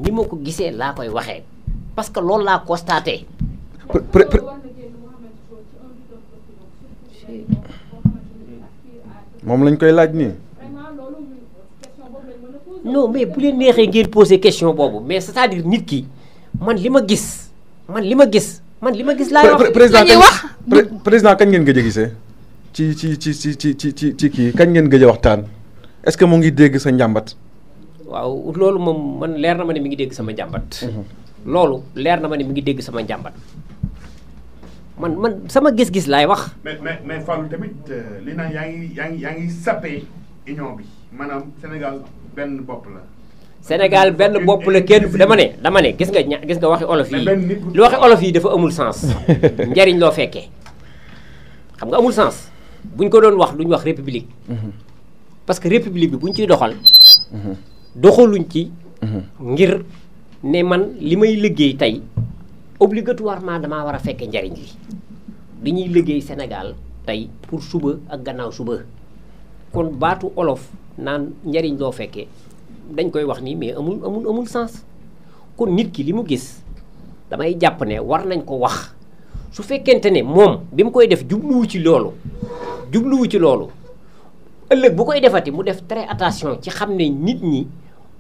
A: ni ma ko gisee koy parce que loolu l'a constaté.
B: moom lañ koy laaj
E: non mais pour leen
B: neexee
A: poser question boobu mais c'est-à-dire nit ki man li ma man li ma man li ma gis.
B: président kañ ngeen ci ci ci ci ci ci ci kañ ngeen est-ce que vous ngi dégg
A: waaw loolu moom man leer na ma mi ngi dégg sama jambat mhm. loolu leer na ma mi ngi dégg sama jambat man man sama gis-gis laay wax.
C: mais mais mais tamit euh, li naan yaa ngi yaa ngi yaa ngi sappee union bi maanaam Sénégal benn bopp la.
A: Sénégal benn bopp la kenn dama ne dama ne gis nga gis nga waxi olof yi lu waxi olof yi dafa amul sens njariñ loo fekkee xam nga amul sens buñ ko doon wax duñ wax république mhm. parce que république bi buñ ci doxal. Mhm. doxaluñ ci. Mhm. ngir ne man li may liggéey tey obligatoirement damaa war a fekke njariñ li ñuy liggéey senegal tey pour suba ak gannaaw suba kon baatu olof naan njariñ loo fekkee dañ koy wax nii mais amul amul amul sens kon nit ki li mu gis damay jàpp ne war nañ ko wax su fekkente ne moom bi mu koy def jubluwu ci loolu jubluwu ci loolu. ëllëg bu koy defati mu def très attention ci xam ne nit ñi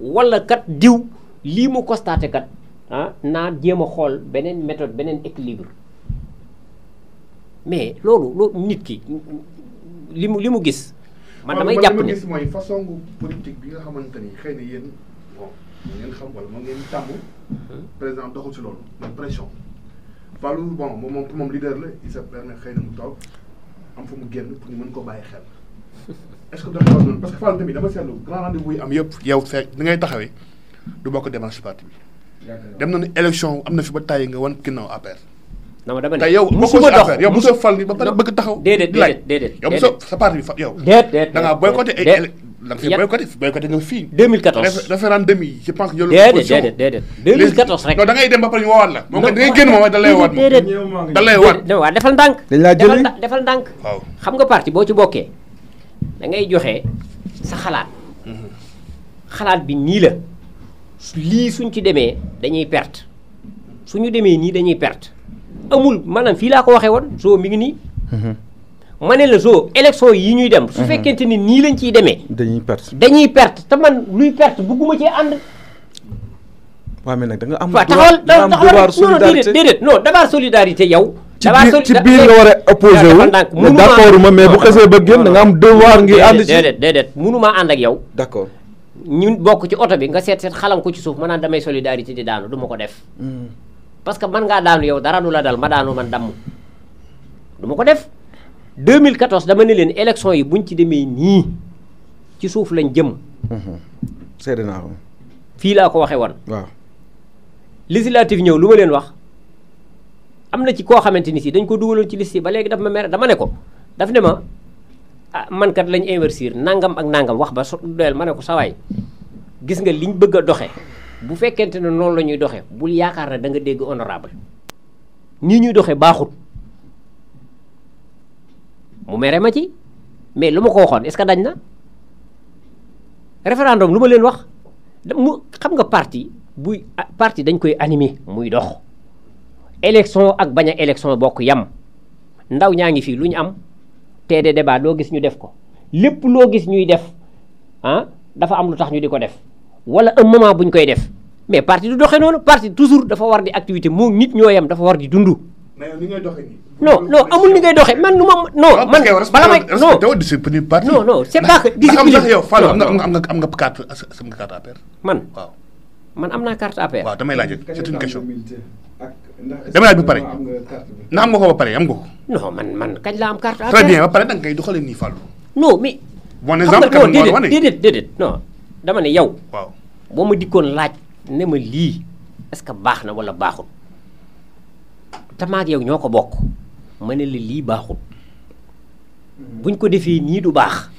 A: wala kat diw lii mu constaté kat ah naa jéem a xool beneen méthode beneen équilibre mais loolu loolu nit ki li mu li mu gis. man damay jàpp ne gis mooy
C: façon politique bi nga xamante ni xëy na yéen bon ngeen xam wala moom ngeen tàmm. Hmm. président doxul ci loolu mooy pression. Fallou bon moom moom moom leader la il se permet xëy na mu toog am fu mu génn pour ñu mën ko bàyyi xel. est-ce que doxee woon parce que Fall tamit dama seetlu grand rendez-vous yi am yëpp yow fekk ni ngay taxawee du bokk démarche parti bi. dem nañu élection am na fi ba tàyyi nga wan ginnaaw APR. non ma dama ne yow mosuma dox yow mosoo fal ni ba pare bëgg taxaw. déedéet déedéet déedéet yow mosoo sa parti bi yow. déet da ngaa boycotté ay. da nga fi boycotté boycotté nga fii. 2014 référendum yi je
A: pense que yow.
B: déedéet déedéet
A: déedéet 2014 rek. non da ngay dem ba pare ñu woowaat la. moom da ngay génn moom da lay waat
B: moom da lay waat.
A: waaw defal ndànk. dañ laa jëlee defal ndànk. waaw xam nga parti boo ci bokkee da ngay joxe sa xalaat xalaat bi nii la lii suñ ci demee dañuy perte suñu demee nii dañuy perte amul maanaam fii laa ko waxee woon soo mi ngi nii ma ne la zoo élection yi ñuy dem su mhm. fekkente ni nii lañ ciy demee
B: dañuy perte
A: dañuy perte te man luy perte bugguma ci ànd
B: waaw mais nag da nga am taxawal taxawal non déedéet déedéet
A: non d'abord solidarité yow ci biir ci biir nga war a
B: opposé wu d' accord ma mais bu xasee ba génn da nga am devoir ngir ànd ci déedéet
A: déedéet mënuma ànd ak yow d' accord ñun bokk ci oto bi nga seet seet xalam ko ci suuf ma naan damay solidarité di daanu du ma ko def hmm. parce que man ngaa daanu yow dara du la dal ma daanu man damm du ma ko def 2014 dama ne leen élection yi buñ ci demee nii ci suuf lañ jëm
B: hmm. seede naa ko
A: fii laa ko waxee woon waaw législative ñëw lu ma leen wax am na ci koo xamante ni si dañ ko dugaloon ci liste ba léegi daf ma mere dama ne ko daf ne ma ah man kat lañ investir nangam ak nangam wax ba doyal ma ne ko sawaay gis nga liñ bëgg a doxee bu fekkente ne noonu la ñuy doxee bul yaakaar ne da nga dégg honorable nii ñuy doxee baaxut mu mere ma ci mais lu ma ko waxoon est-ce que dañ na référendum lu ma leen wax mu xam nga parti buy ah, parti dañ koy animer muy dox élection ak baña a élection bok yam ndaw ñangi ngi luñ Yam, ñu am teede débat do gis ñu def ko lépp logis gis ñuy def ah dafa am lutax ñu diko def wala un moment buñ koy def mais parti du doxé non parti toujours dafa war di activité mo nit ñoy yam dafa war di dundu mais no, ni ngay non non amul ni ngay doxé man no. ma non. Ah, man bala may non
B: non non c'est pas que. discipline am nga am nga
C: am nga carte am nga man waaw. man am naa carte APR. waaw damay laaj c'est une question. damay laaj ba pare. na am nga ko ba pare am nga ko. man
A: kañ la am carte APR. très bien ba
C: pare danga koy doxalee nii Fallou.
A: non mais. bon exemple quand même a wane déedéet déedéet non dama ne yow. boo ma dikkoon laaj ne ma lii est-ce que baax na wala baaxul. te maag ñoo ko bokk ma ne la lii baaxul mm-hmm. buñ ko defee nii du baax.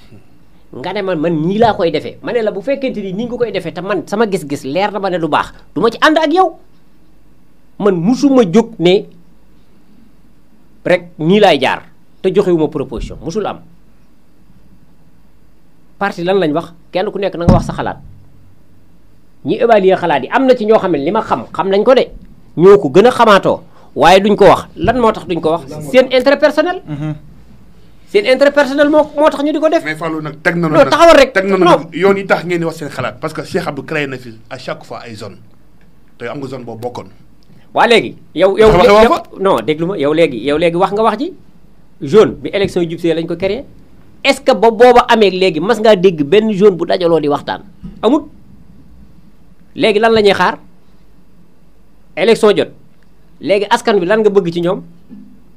A: nga ne man man nii laa koy defee ma ne la bu fekkente ni nii nga koy defee te man sama gis-gis leer na ma ne du baax du ma ci ànd ak yow man musuma jóg ne rek nii laay jaar te joxewuma proposition musul am parti lan lañ wax kenn ku nekk na wax sa xalaat ñi évaluer xalaat yi am na ci ñoo xam ne ni ma xam xam nañ ko de ñoo ko gën a xamaatoo waaye duñ ko wax lan moo tax duñ ko wax seen intérêt personnel mhm. seen intérêt personnel moo moo tax ñu di ko
C: def. mais Fallou nag teg nañu. non taxawal rek teg yi tax ngeen di wax seen xalaat. parce que Cheikh Abdou créé na fi à chaque fois ay zone te am nga zone boo bokkoon.
A: waa léegi. yow yow non déglu ma yow léegi yow léegi wax nga wax ji zone bi élection jub see lañ ko créé est-ce que ba booba amee léegi mas ngaa dégg benn zone bu dajaloo di waxtaan amut léegi lan la ñuy xaar élection jot léegi askan bi lan nga bëgg ci ñoom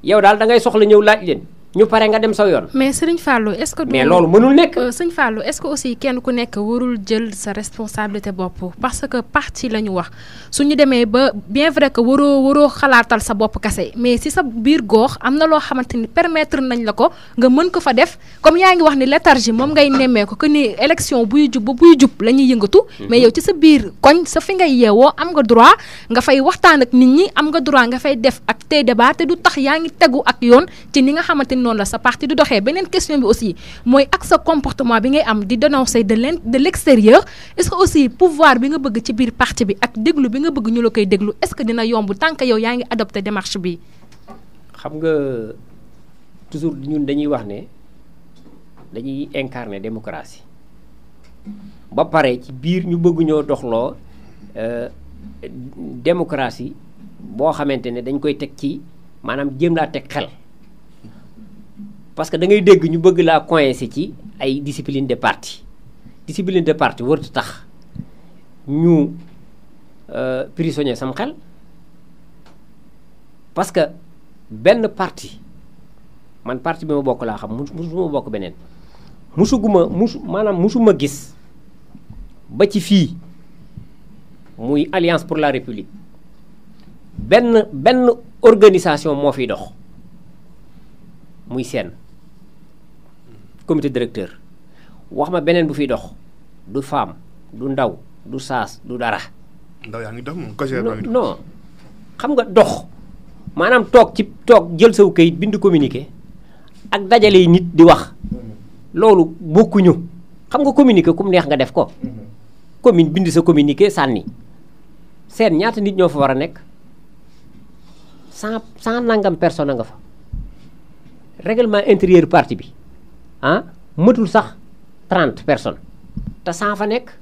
A: yow daal da ngay soxla ñëw laaj leen. ñu paré nga dem saw yoon.
E: mais serigne Fallou est-ce que. mais loolu mënul nekk. Euh, serigne Fallou est-ce que aussi kenn ku nekk warul jël sa responsabilité bopp parce que parti lañu wax suñu ñu demee ba bien vrai que waroo waroo xalaatal sa bopp kase mais si sa biir goox am na loo xamante ni permettre nañ la ko nga mën ko fa def comme yaa ngi wax ni léthargie moom ngay nemmeeku que ni élection buy jub buy jub la ñuy yëngatu. Mhm. mais yow ci sa biir koñ sa fi ngay yeewoo am nga droit nga fay waxtaan ak nit ñi am nga droit nga fay def ak tey débat te du tax yaa ngi tegu ak yoon ci ni nga xamante ni noonu la sa partie question aussi comportement bi ngay dénoncer de l' de est-ce que aussi pouvoir bi parti bi ak déglu bi nga bëgg est-ce que dina yomb tant que yow démarche bi.
A: xam toujours ñun dañuy wax ne démocratie ba pare ci biir ñu euh, démocratie nous xamante ne dañ koy parce que da ngay dégg ñu bëgg laa coincé ci ay discipline de parti discipline de parti warut tax ñu euh, prisonnier sam xel parce que benn parti man parti bi ma bokk laa xam musuma bokk beneen musuguma musu maanaam musuma gis ba ci fii muy alliance pour la république benn benn organisation moo fi dox muy seen comité directeur wax ma benen bu fi dox du fam du ndaw du sas du dara. ndaw yaangi dox moom ko baa ngi non xam nga dox manam tok ci tok jël saw kayit bind communiqué ak dajalé nit di wax lolu bokku ñu xam nga communiqué kum neex nga def ko. commune bind sa communiqué sanni sen ñaata nit ñofu wara nek sans sans nangam personne nga fa règlement intérieur parti bi ah mëtul sax 30 personnes ta saa fa nek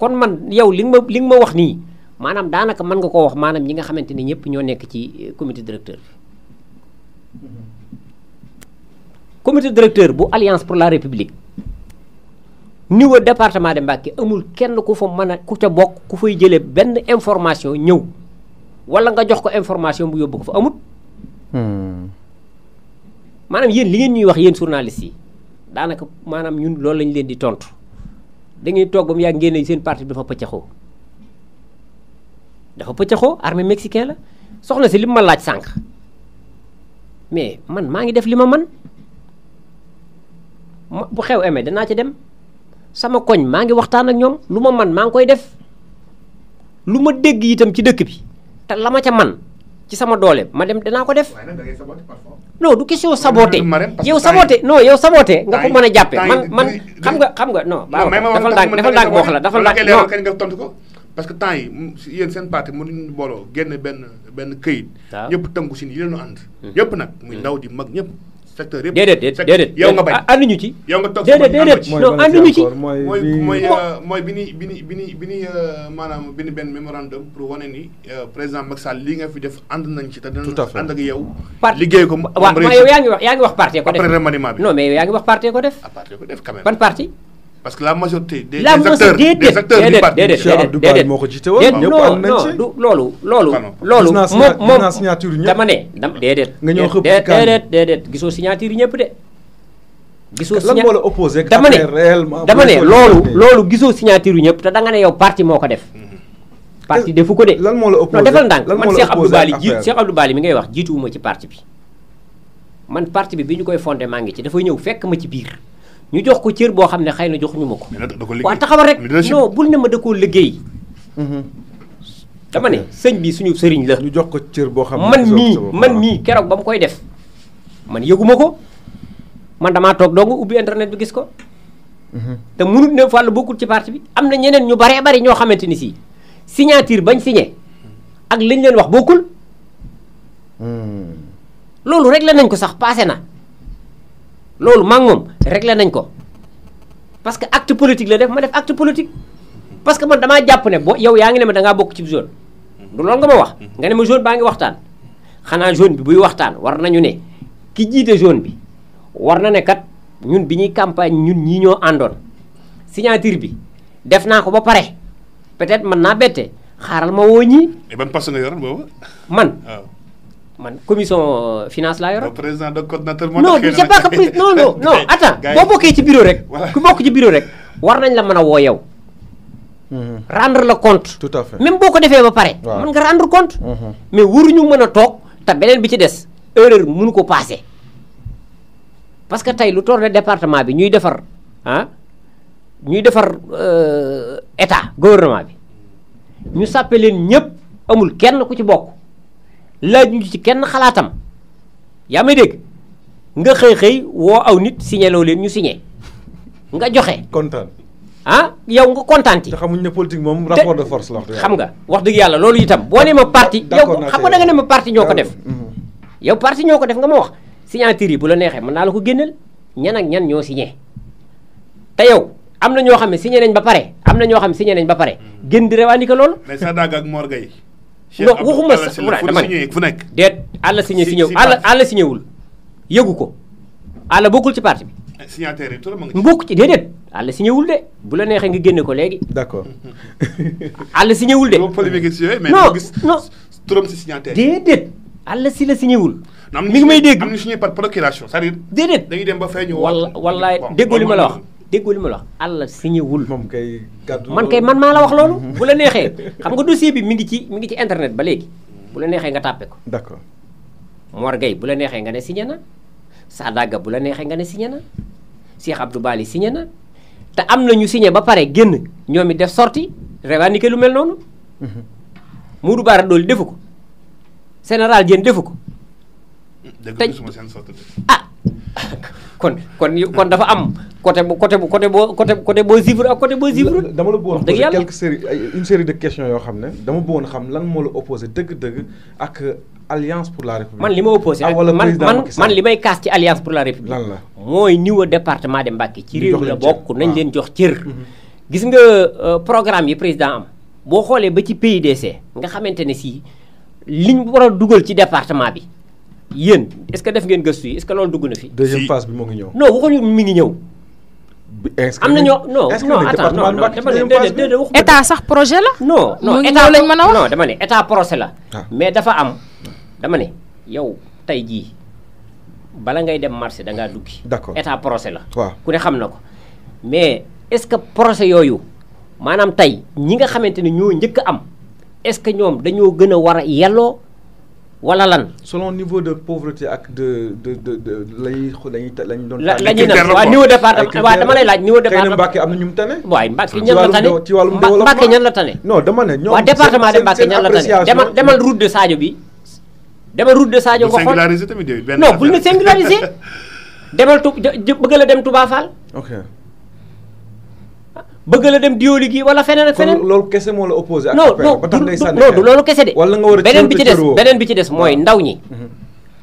A: kon man yow li ma li ma wax ni manam danaka man nga ko wax manam ñi nga xamanteni ñepp ño nek ci eh, comité directeur comité directeur bu alliance pour la république niwa département de Mbacké amul kenn ku fa mëna ku ca bok ku fay jëlé benn information ñew wala nga jox ko information bu yobbu ko fa amut hmm. manam yeen li ngeen ñuy wax yeen journalistes yi daanaka maanaam ñun loolu lañ leen di tontu da ngay toog ba mu yàgg ngeen seen parti bi dafa pëccaxoo dafa pëccaxoo armée mexicain la soxna si li ma laaj sànq mais man maa ngi def li ma man bu xew amee danaa ci dem sama koñ maa ngi waxtaan ak ñoom lu ma man maa ngi koy def lu ma dégg itam ci dëkk bi te la ma ca man ci sama doole ma dem danaa ko def. non du question saboté. Mm, yow saboté non yow saboté nga ko mën a jàppe man man xam nga xam nga non. waaw defal ndànk defal ndànk wax la defal ndànk non kañ parce
C: que temps yi yéen seen parti mënuñu booloo génn benn benn këyit. waaw ñëpp tënku si ni yéen a ànd. ñëpp mm. nag muy ndaw di mag ñëpp. secteur yëpp déedéet déedéet yow nga bañ ànd ñu ci déedéet déedéet non ñu ci mooy mooy mooy euh, bi ni euh, mémorandum pour wane ni euh, président Macky Sall nga fi def ànd nañ ci te dinañ ànd
A: ak liggéey ko waaw yow yaa ngi wax yaa ko def après mais yaa ngi wax parti ko def parti ah, parti parce que la
C: majorité. des acteurs des déedéet loolu.
A: loolu loolu moom moom signature ñëpp dama ne. déedéet nga ñëw xëpp déedéet déedéet gisoo signature ñëpp de. gisoo signa lan moo la opposé dama ne dama ne loolu loolu gisoo signature ñëpp te da nga ne yow parti moo ko def. Mhm. parti defu ko de. lan moo la opposé non defal ndànk man Cheikh Abdou Bali jiit Cheikh Abdou Bali mi ngay wax jiituwuma ci parti bi. man parti bi bi ñu koy fondé maa ngi ci dafa ñëw fekk ma ci biir ñu jox ko cër boo xam ne xëy na joxuñu ma ko. waaw taxawal rek non bul ne ma da koo liggéey. Mhm. dama ne sëñ bi suñu sëriñ la. ñu jox ko cër boo xam ne man mii man mii keroog ba mu koy def man yëguma ko man damaa toog dong ubbi internet bi gis ko. Mhm. te munut ne Fallou bokkul ci parti bi am na ñeneen ñu baree bari ñoo xamante ni si signature bañ signé ak liñ leen wax bokkul. Mhm. loolu rek la nañ ko sax passé na. loolu maa ngi moom réglé nañ ko parce que acte politique la def ma def act politique parce que man damaa jàpp ne boo yow yaa ngi ne ma dangaa bokk ci zone du loolu nga ma wax nga ne ma zone baa ngi waxtaan xanaa zone bi buy waxtaan war nañu ne ki jiite zone bi war na ne kat ñun bi ñuy campagne ñun ñii ñoo àndoon signature bi def naa ko ba pare peut-être mën naa bette xaaral ma woo ñii. ban poste nga yoroon man. man commission finance laa yoroon.
C: président de coordinateur moo non c'est pas que non non non attends boo bokkee ci bureau
A: rek. ku bokk ci rek war nañ la mën a woo yow. Mm-hmm. rendre la
B: compte. tout à même
A: boo ko defee ba pare. mën nga rendre compte. Mm-hmm. mais waruñu mën a toog te beneen bi ci des erreur mënu ko passé parce que tey lu toll département bi ñuy defar ah ñuy defar euh, état gouvernement bi ñu sàppe leen ñëpp amul kenn ku ci bokk. laaj ñu ci kenn xalaatam yaa may dégg nga xëy xëy woo aw nit signéloo leen ñu signé nga joxe. kontaan ah nga kontaan ci. te xamuñ ne politique moom rapport de force la. xam nga wax dëgg yàlla loolu itam boo nee ma parti. yow xam nga da ne ma parti ñoo ko def. Mhm. yow parti ñoo ko def nga ma wax signature yi bu la neexee mën naa la ko génneel ñan ak ñan ñoo signé te yow. am na ñoo xam ne signé nañ ba pare am na ñoo xam ne nañ ba pare mhm. gën di rewaani ko loolu.
C: mais Sadaga ak non waxuma sax dama ne
A: déet àlla signé signé àlla àlla signé wul yëgu ko àlla bokkul ci parti bi.
C: Eh, signataire yi turam nga ci.
A: bokk ci déedéet àlla signé wul de bu la neexee nga génne ko léegi. d'accord àlla signé wul de. non
C: non turam si signataire
A: déedéet àlla si
C: la signé wul. mi ngi may dégg am na signé par procuration c'est-à-dire. déedéet dañuy dem ba feeñu. wala wallaay déggoo li ma la
A: wax. déggoo mu la Allah signé wul. mom kay gàddu man kay man maa la wax lolu bu la nexé xam nga dossier bi mi ngi ci mi ngi ci internet ba légui bu la nexé nga tapé ko. d'accord Mor gay bu la nexé nga né signé na. Sadaga bu la nexé nga né signé na. Cheikh Abdou Bali signé na. te am na ñu signé ba paré génn ñomi def sorti revendiquer lu mel noonu. Mhm. Moudou Bara Dolly defu ko. général ah. kon kon kon dafa am côté bu côté bu côté boo côté côté boo suivre ak côté boo suivre. dama la bëggoon poser quelques
B: série une série de questions yoo xam ne dama bëggoon xam lan moo la opposé dëgg-dëgg ak alliance pour la république. man li ma opposé ah, man man man
A: li may kaas ci alliance pour la république. lan la mooy niveau département de Mbacké. ci réew la bokk nañ leen jox cër. Mhm. gis nga euh, programme yi président am boo xoolee ba ci PIDC nga xamante ne si liñ war a dugal ci département bi. yéen est-ce que def ngeen gëstu yi est-ce que loolu dugg na fi.
B: deuxième phase bi mo ngi ñëw.
A: non waxuñu mi ngi ñëw. am na ñoo non non attends non non dama état sax projet la. non non état lañ mëna wax non dama ne état projet la. Ah. mais dafa am dama ne yow tay ji bala ngay dem marché da nga duggi. d'accord état projet la. ku ne xam na ko mais est-ce que projet yoyu manam tay ñi nga xamanteni ñoo ñëk am est-ce que ñoom dañoo gëna wara yello
B: wala lan. selon niveau de pauvreté ak de de de de lay lañ la ñuy la ñuy def niveau département wa dama lay laaj niveau département. Mbacke amna ñum ñu mu tane. waay Mbacke ñan la tane ci wàllum développement Mbacke ñan la tane. non dama né
A: ñom wa département de Mbacke ñan la tane demal demal route de Sadio bi demal route de Sadio. ko xool singularisé tamit
B: non bul ne singularisé
A: demal tu bëgg la dem Touba Fall.
B: ok. bëgg
A: la dem diwli gi wala feneen ak feneen.
B: loolu kese moo la opposé
A: ak non non du loolu kese de. wala nga a beneen bi ci des beneen bi ci des mooy ndaw ñi. Mhm.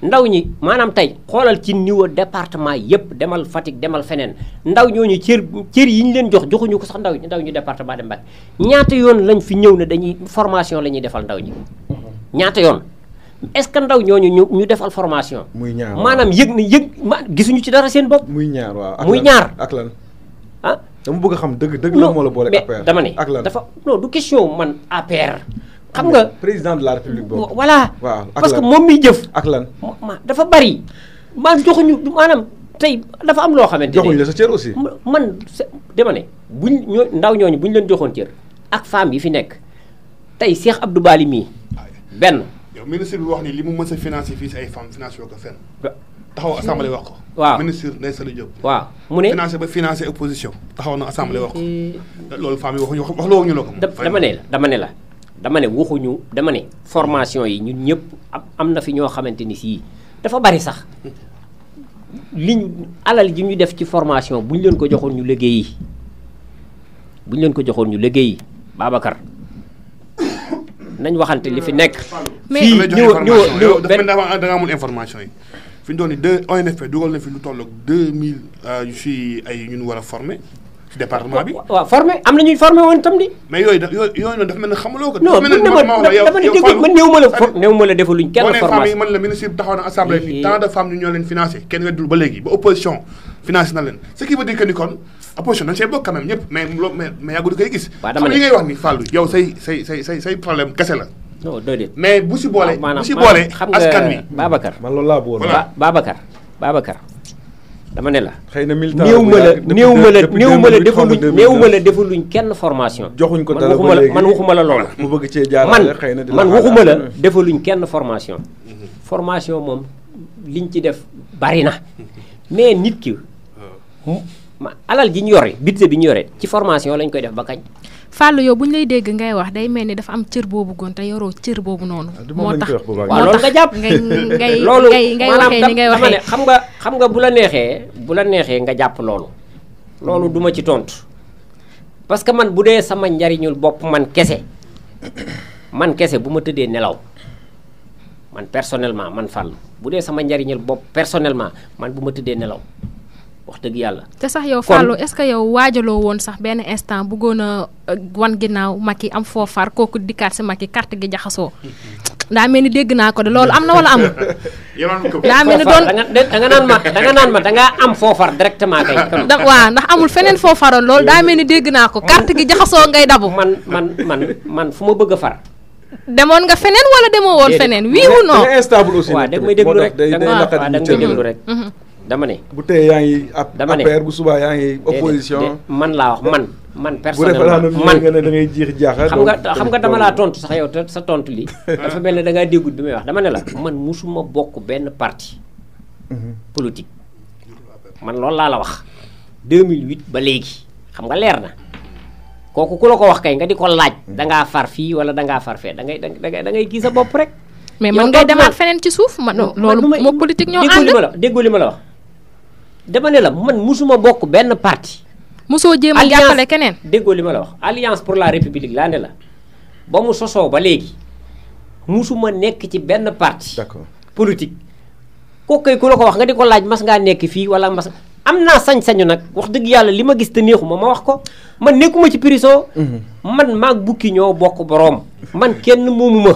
A: ndaw ñi maanaam tey xoolal ci niveau département yépp demal Fatick demal feneen ndaw ñooñu cër cër yi ñu leen jox joxuñu ko sax ndaw ndaw ñu département de ñaata yoon lañ fi ñëw ne dañuy formation la ñuy defal ndaw ñi. Mhm. ñaata yoon est-ce ndaw ñooñu ñu ñu defal formation.
B: muy ñaar maanaam yëg
A: na yëg ma gisuñu ci dara seen
B: bopp. muy ñaar waaw muy ñaar ak lan ah? dama bëgg xam dëgg dëgg la moo la boole APR dama ne ak lan dafa non du question man APR xam nga président de la république boobu voilà waaw parce que moom miy jëf ak lan
A: ma dafa bari maa joxuñu maanaam tey dafa am loo xamante ne joxuñu la sa cër aussi man dama ne buñ ñoo ndaw ñooñu buñ leen joxoon cër ak femmes yi fi nekk tey Cheikh Abdou Bali mii benn
C: yow ministre bi wax ni li mu mës a financé fii si ay femmes financé ko fenn taxaw assemblée wax ko. waaw ministre Ndeye Saly Diop. mu ne financé ba financé
A: opposition taxaw
C: na assemblée wax ko. Eh.
A: loolu femmes yi waxuñu wax waxloo ñu la ko. dama ne la dama ne la dama ne waxuñu dama ne formation yi ñun ñëpp am na fi ñoo xamante ni sii dafa bari sax li alal ji ñu def ci formation bu ñu leen ko joxoon ñu liggéey yi bu ñu leen ko joxoon ñu liggéey yi Babacar. nañ waxante li fi nekk.
E: mais fii ñëw
A: benn dafa da nga amul information
C: yi. fi ñu doon nii deux ONFP dugal na fi lu toll 2000 deux mille euh, ay ñu war a formé. ci département bi waaw
A: formé am na ñuy formé woon tam di.
C: mais yooyu da yooyu yooyu dafa mel ne xamuloo ko. dafa mel ne man man man néew ma la for néew ma
A: la defaluñ kenn formation
C: man la ministre taxaw na assemblée fi tant de femmes ñu ñoo leen financé kenn weddul ba léegi ba opposition financé na leen ce qui veut dire que ni kon opposition dañ see bokk quand même ñëpp mais mais mais yàggu di koy gis. waaw dama ne xam li ngay wax ni Fallou yow say say say say say problème kese la. non déedéet mais bu si boole bu si boole askan wi Babacar man loolu
A: laa bëggoon Babacar Babacar dama ne la xëy na militant néew ma la néew ma la néew ma la defaluñ néew kenn formation joxuñ ko dara ba léegi man waxuma la loola mu bëgg cee jaar man xëy na man waxuma la defaluñ kenn formation formation moom liñ ci def bari na mais nit ki ah. ma alal ji ñu yore budget bi ñu yore ci formation lañ koy def ba kañ
E: fallu yo buñ lay dégg ngay wax day melni dafa am cër bobu gon te yoro cër bobu nonu ah, motax tax
A: moo nga japp ngay ngay ngay ngay waxee ni ngay waxee xam nga xam nga bu la neexee bu la neexee nga japp lolu lolu duma ci tontu parce que man budé sama ñariñul bop man kessé man kessé buma ma nelaw man personnellement man fàll budé sama ñariñul bop personnellement man buma ma nelaw wax dëgg yàlla.
E: te sax yow Fallou est-ce waajaloo woon sax benn instant bëggoon a euh, wan ginnaaw Macky am foofar kooku dikkaat si Macky kart gi jaxasoo. daa mel ni dégg naa ko de loolu am na wala amul.
A: daa mel ni doon da nga naan ma da nga naan ma da ngaa am foofar directement kay. waaw
E: feneen foofaroon loolu daa mel ni dégg naa ko carte gi jaxasoo ngay dabu. man man man man fu ma bëgg a far. demoon nga feneen wala demoo woon feneen. wii wu non mais instable aussi. waaw
B: dama ne. bu tey yaa ngi. dama ne APR bu subaa yaa ngi opposition.
A: man laa wax man man personnellement man bu
B: da ngay jiix jaaxal. xam nga xam nga dama
A: laa tontu sax yow te sa tontu li dafa mel ne da ngaa may wax dama ne la man musuma bokk benn parti mhm. politique man loolu laa la wax 2008 ba léegi xam nga leer na kooku ku la ko wax kay nga di ko laaj. Mhm. da ngaa far fii wala da ngaa far fee da ngay da ngay gis sa bopp rek.
E: mais man ngay demaat feneen ci suuf man. loolu
A: moo politique ñoo ànd déggoo li ma la wax. dama ne la man musuma bokk benn parti.
E: musoo jéem a jàppale keneen
A: déggoo li ma la wax alliance pour la république laa ne la ba mu sosoo ba léegi musuma nekk ci benn parti. d'accord politique. ku la ko wax nga di ko laaj mas ngaa nekk fii wala mas. am naa sañ-sañu nag wax dëgg yàlla li ma gis te neexuma ma wax ko ma nekkuma ci prison. Mhm. man maag bukki ñoo bokk boroom.
B: man kenn moomu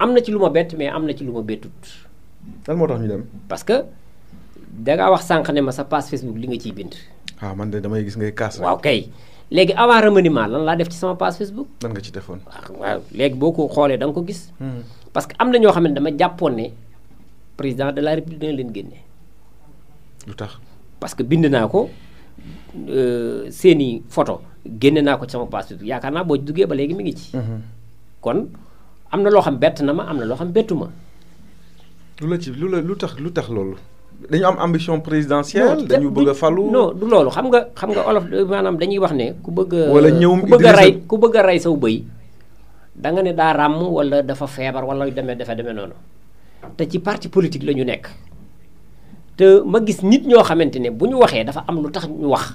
B: am na ci lu ma bett mais am na ci lu ma bettut. lan moo tax ñu dem.
A: parce que dangaa wax sànq ne ma sa page Facebook li nga ciy bind.
B: waaw ah, man de damay
A: gis ngay kaas. waaw kay léegi avant remaniement lan laa def ci sama page Facebook. lan nga ci defoon. Ah, waaw léegi boo ko xoolee danga ko gis. Hmm. parce que am na ñoo xam ne dama jàppoon ne président de la république dina leen génne. lu tax parce que bind naa ko euh, seeni photo génne naa ko ci sama page Facebook yaakaar naa boo duggee ba léegi mi ngi ci. Hmm. am na loo xam bett na ma am na loo xam bettu ma.
B: lu la lu lu
A: tax lu tax loolu. dañu am ambition présidentielle. dañu bëgg a falu non du loolu xam nga xam nga olof maanaam dañuy wax ne ku bëgg wala ñëwum ku rey ku bëgg a rey saw bëy. danga ne daa ràmm wala dafa feebar wala deme dafa demee noonu te ci parti politique la ñu nekk te ma gis nit ñoo xamante ne bu ñu waxee dafa am lu tax ñu wax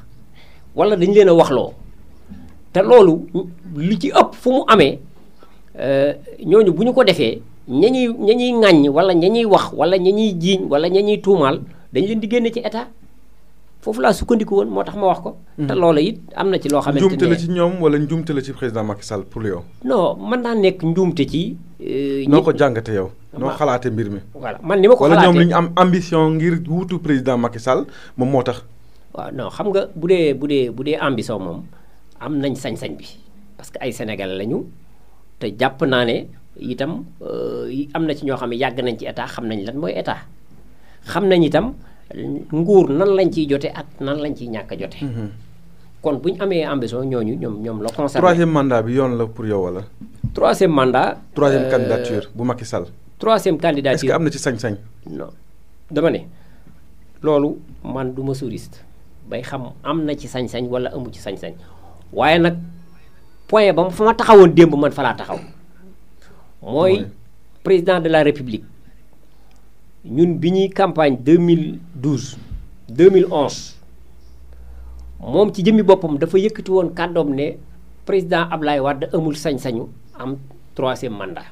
A: wala dañ leen a loo te loolu lu ci ëpp fu mu amee. Euh, ñooñu bu ñu ko defee ña ñuy ña ñuy ŋàññ wala ña ñuy wax wala ña ñuy jiiñ wala ña ñuy tuumaal dañ leen di génne ci état foofu laa sukkandiku woon moo tax ma wax ko. Hmm. te loola it am na ci loo. xamante ne njuumte la ci
B: ñoom wala njuumte la ci président Macky Sall pour yow. non mën naa nekk njuumte ci. Euh, noo ko jàngate yow. noo xalaate mbir mi. voilà man ni ma ko xalaatee wala ñoom li ñu am ambition ngir wuutu président Macky Sall moom moo tax. waaw non xam nga bu dee
A: bu dee bu dee ambition moom am nañ sañ-sañ bi parce que ay Sénégalais lañu. te jàpp naa ne itam euh, am na ci ñoo xam ne yàgg nañ ci état xam nañ lan mooy état xam nañ itam nguur nan lañ ciy jote ak nan lañ ciy ñàkk a jote mhm. kon bu ñu amee ambition ñooñu ñoom ñoom la concerné. troisième
B: mandat bi yoon la pour yow wala. troisième mandat. troisième euh, candidature bu Macky Sall.
A: troisième candidature est-ce am na ci sañ-sañ. non dama ne loolu man du ma souriste bay xam am na ci sañ-sañ wala amu ci sañ-sañ waaye nag. point ba fa ma taxawoon démb man fa laa taxaw moy président de la république ñun biñi campagne 2012 2011 mom ci jëmi bopam dafa yëkëti won kaddom né président Ablaye Wade amul sañ-sañu am 3e mandat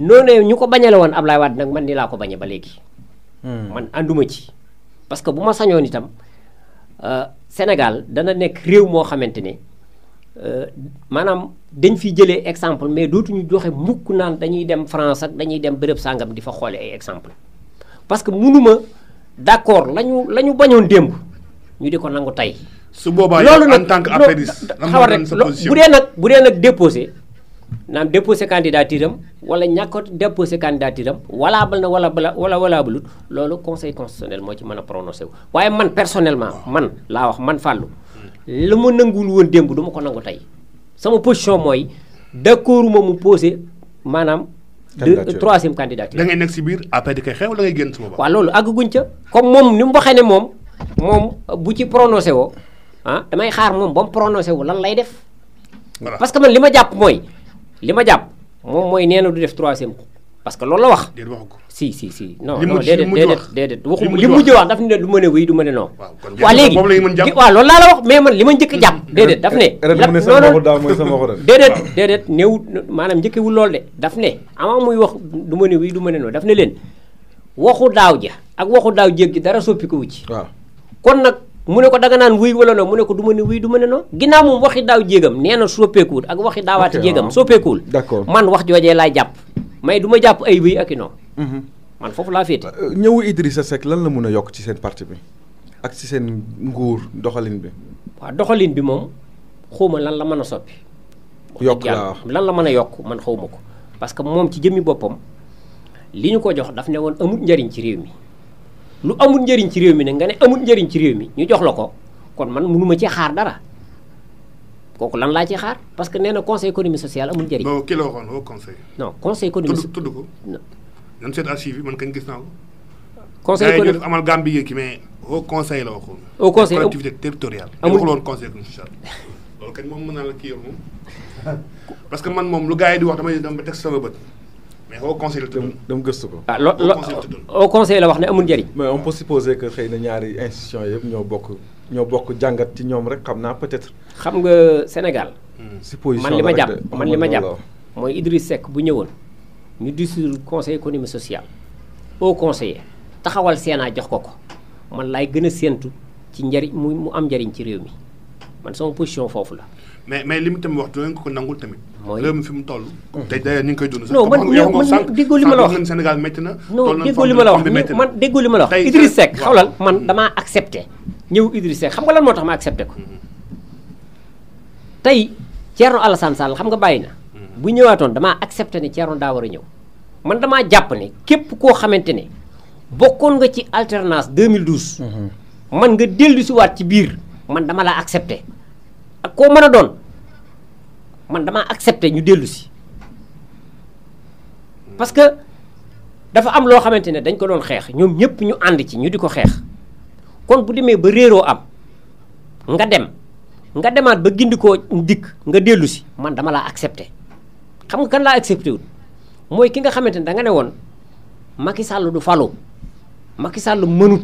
A: noné ñuko ko won woon wad nak man ni la ko bañé ba hmm. man anduma ci parce que buma ma sañoon euh Sénégal dana nek réew mo xamante Euh, maanaam dañ fi jëlee exemple mais dootuñu joxe mukk naan dañuy dem France ak dañuy dem béréb sàngam di fa xoole ay exemple parce que mënuma d'accord lañu la ñu bañoon démb ñu di ko nangu tey. su boobaa loolu nag en tant que apériste xawar rek bu dee nag bu dee nag déposé naam déposé candidature am wala ñàkk a déposé candidature am walaabal na wala bala wala walaabalut loolu conseil constitutionnel moo ci mën a prononcé wu. waaye man personnellement man laa wax man Fallou. lu ma nanguwul woon démb du ko nangu tey sama position mooy d'accord ma mu posé maanaam.
E: candidature troisième
A: candidature. da ngay nekk si biir après di xew la ngay génn su boobaa. waaw loolu àgguñ ca comme moom ni mu waxee ne moom moom bu ci prononcé woo ah damay xaar moom ba mu prononcé woo lan lay def. parce que man li ma jàpp mooy li ma jàpp moom mooy nee na du def troisième parce que loolu la wax. déedéet waxu ko si si si. non non déedéet déedéet waxu li mujj wax daf ne du ne oui du ne non. waaw léegi waaw loolu laa la wax mais man li ma njëkk a jàpp. déedéet daf ne. ren mu ne sama waxu
B: daaw mooy sama waxu ren.
A: déedéet maanaam njëkkewul lool de daf ne ama muy wax du ma ne oui du ma ne non daf ne leen waxu daaw ja ak waxu daaw jéeg ji dara soppikuwu ci. waaw kon nag. mu ne ko danga naan wuy wala non mu ne ko du ma ne wuy du ma ne non ginnaaw moom waxi daaw jéegam nee na soppeekuwul ak waxi daawaati jéegam
B: soppeekuwul man
A: wax joojee laay jàpp mais du ma jàpp ay wéy ak i mhm. man foofu laa féete. Euh,
B: ñëwu Idrissa Seck lan la mun a yokk ci seen parti bi ak ci seen nguur doxalin bi. waa doxalin bi moom xawma lan la mën a soppi. yokk la
A: lan la mën a yokk man xawma ko. parce que moom ci jëmmi boppam li ñu ko jox daf ne woon amul njariñ ci réew mi lu amul njariñ ci réew mi nag nga ne amul njariñ ci réew mi ñu jox la ko kon man mënuma ci xaar dara. kooku lan laa ci xaar parce que nee na conseil économique social amul njëriñ. non kii la waxoon woo conseil. non man kañ
C: gis naa ko. conseil amal gàmm bi yëkki mais au conseil la waxoon. amul waxul woon conseil loolu moom mën naa la kii yow parce que man moom lu yi di wax damay dem ba teg sama bët. mais au conseil la tëdd.
B: dem ko. Ah, lo lo au conseil la wax ne amul njëriñ. mais on peut supposer que xëy na ñaari institutions yëpp ñoo bokk. ñoo bokk jàngat ci ñoom rek xam naa peut-être. xam nga Sénégal. Hmm. si man li ma jàpp man
A: li ma jàpp mooy Idriss Seck bu ñëwoon ñu dissoudre conseil économique social au conseiller taxawal Sénat jox ko ko man laay gën a séentu ci njariñ mu mu am njariñ ci la. mais mais li mu tamit wax dinañ ko nangul tamit. mooy
C: réew mi fi mu toll. Hmm. tey d'ailleurs ñu ngi koy dund. non ma la wax Sénégal
A: damaa accepté. ñew idrissé xam nga lan motax ma accepté ko tay cierno Alassane Sall xam nga bayina bu ñewaton dama accepté ni cierno da wara ñew man dama japp ni képp ko xamanteni bokkon nga ci alternance 2012. man nga delu ci wat ci bir man dama la accepté ak ko mën a doon man dama accepté ñu delu ci parce que dafa am lo xamanteni dañ ko doon xex ñom ñepp ñu and ci ñu diko xex kon bu demee ba réeroo am nga dem nga demaat ba gindi gindikoo dikk nga dellusi man dama laa accepté xam nga kan laa accepté wul mooy ki nga xamante ne da nga ne woon Macky Sall du falu Macky Sall mënut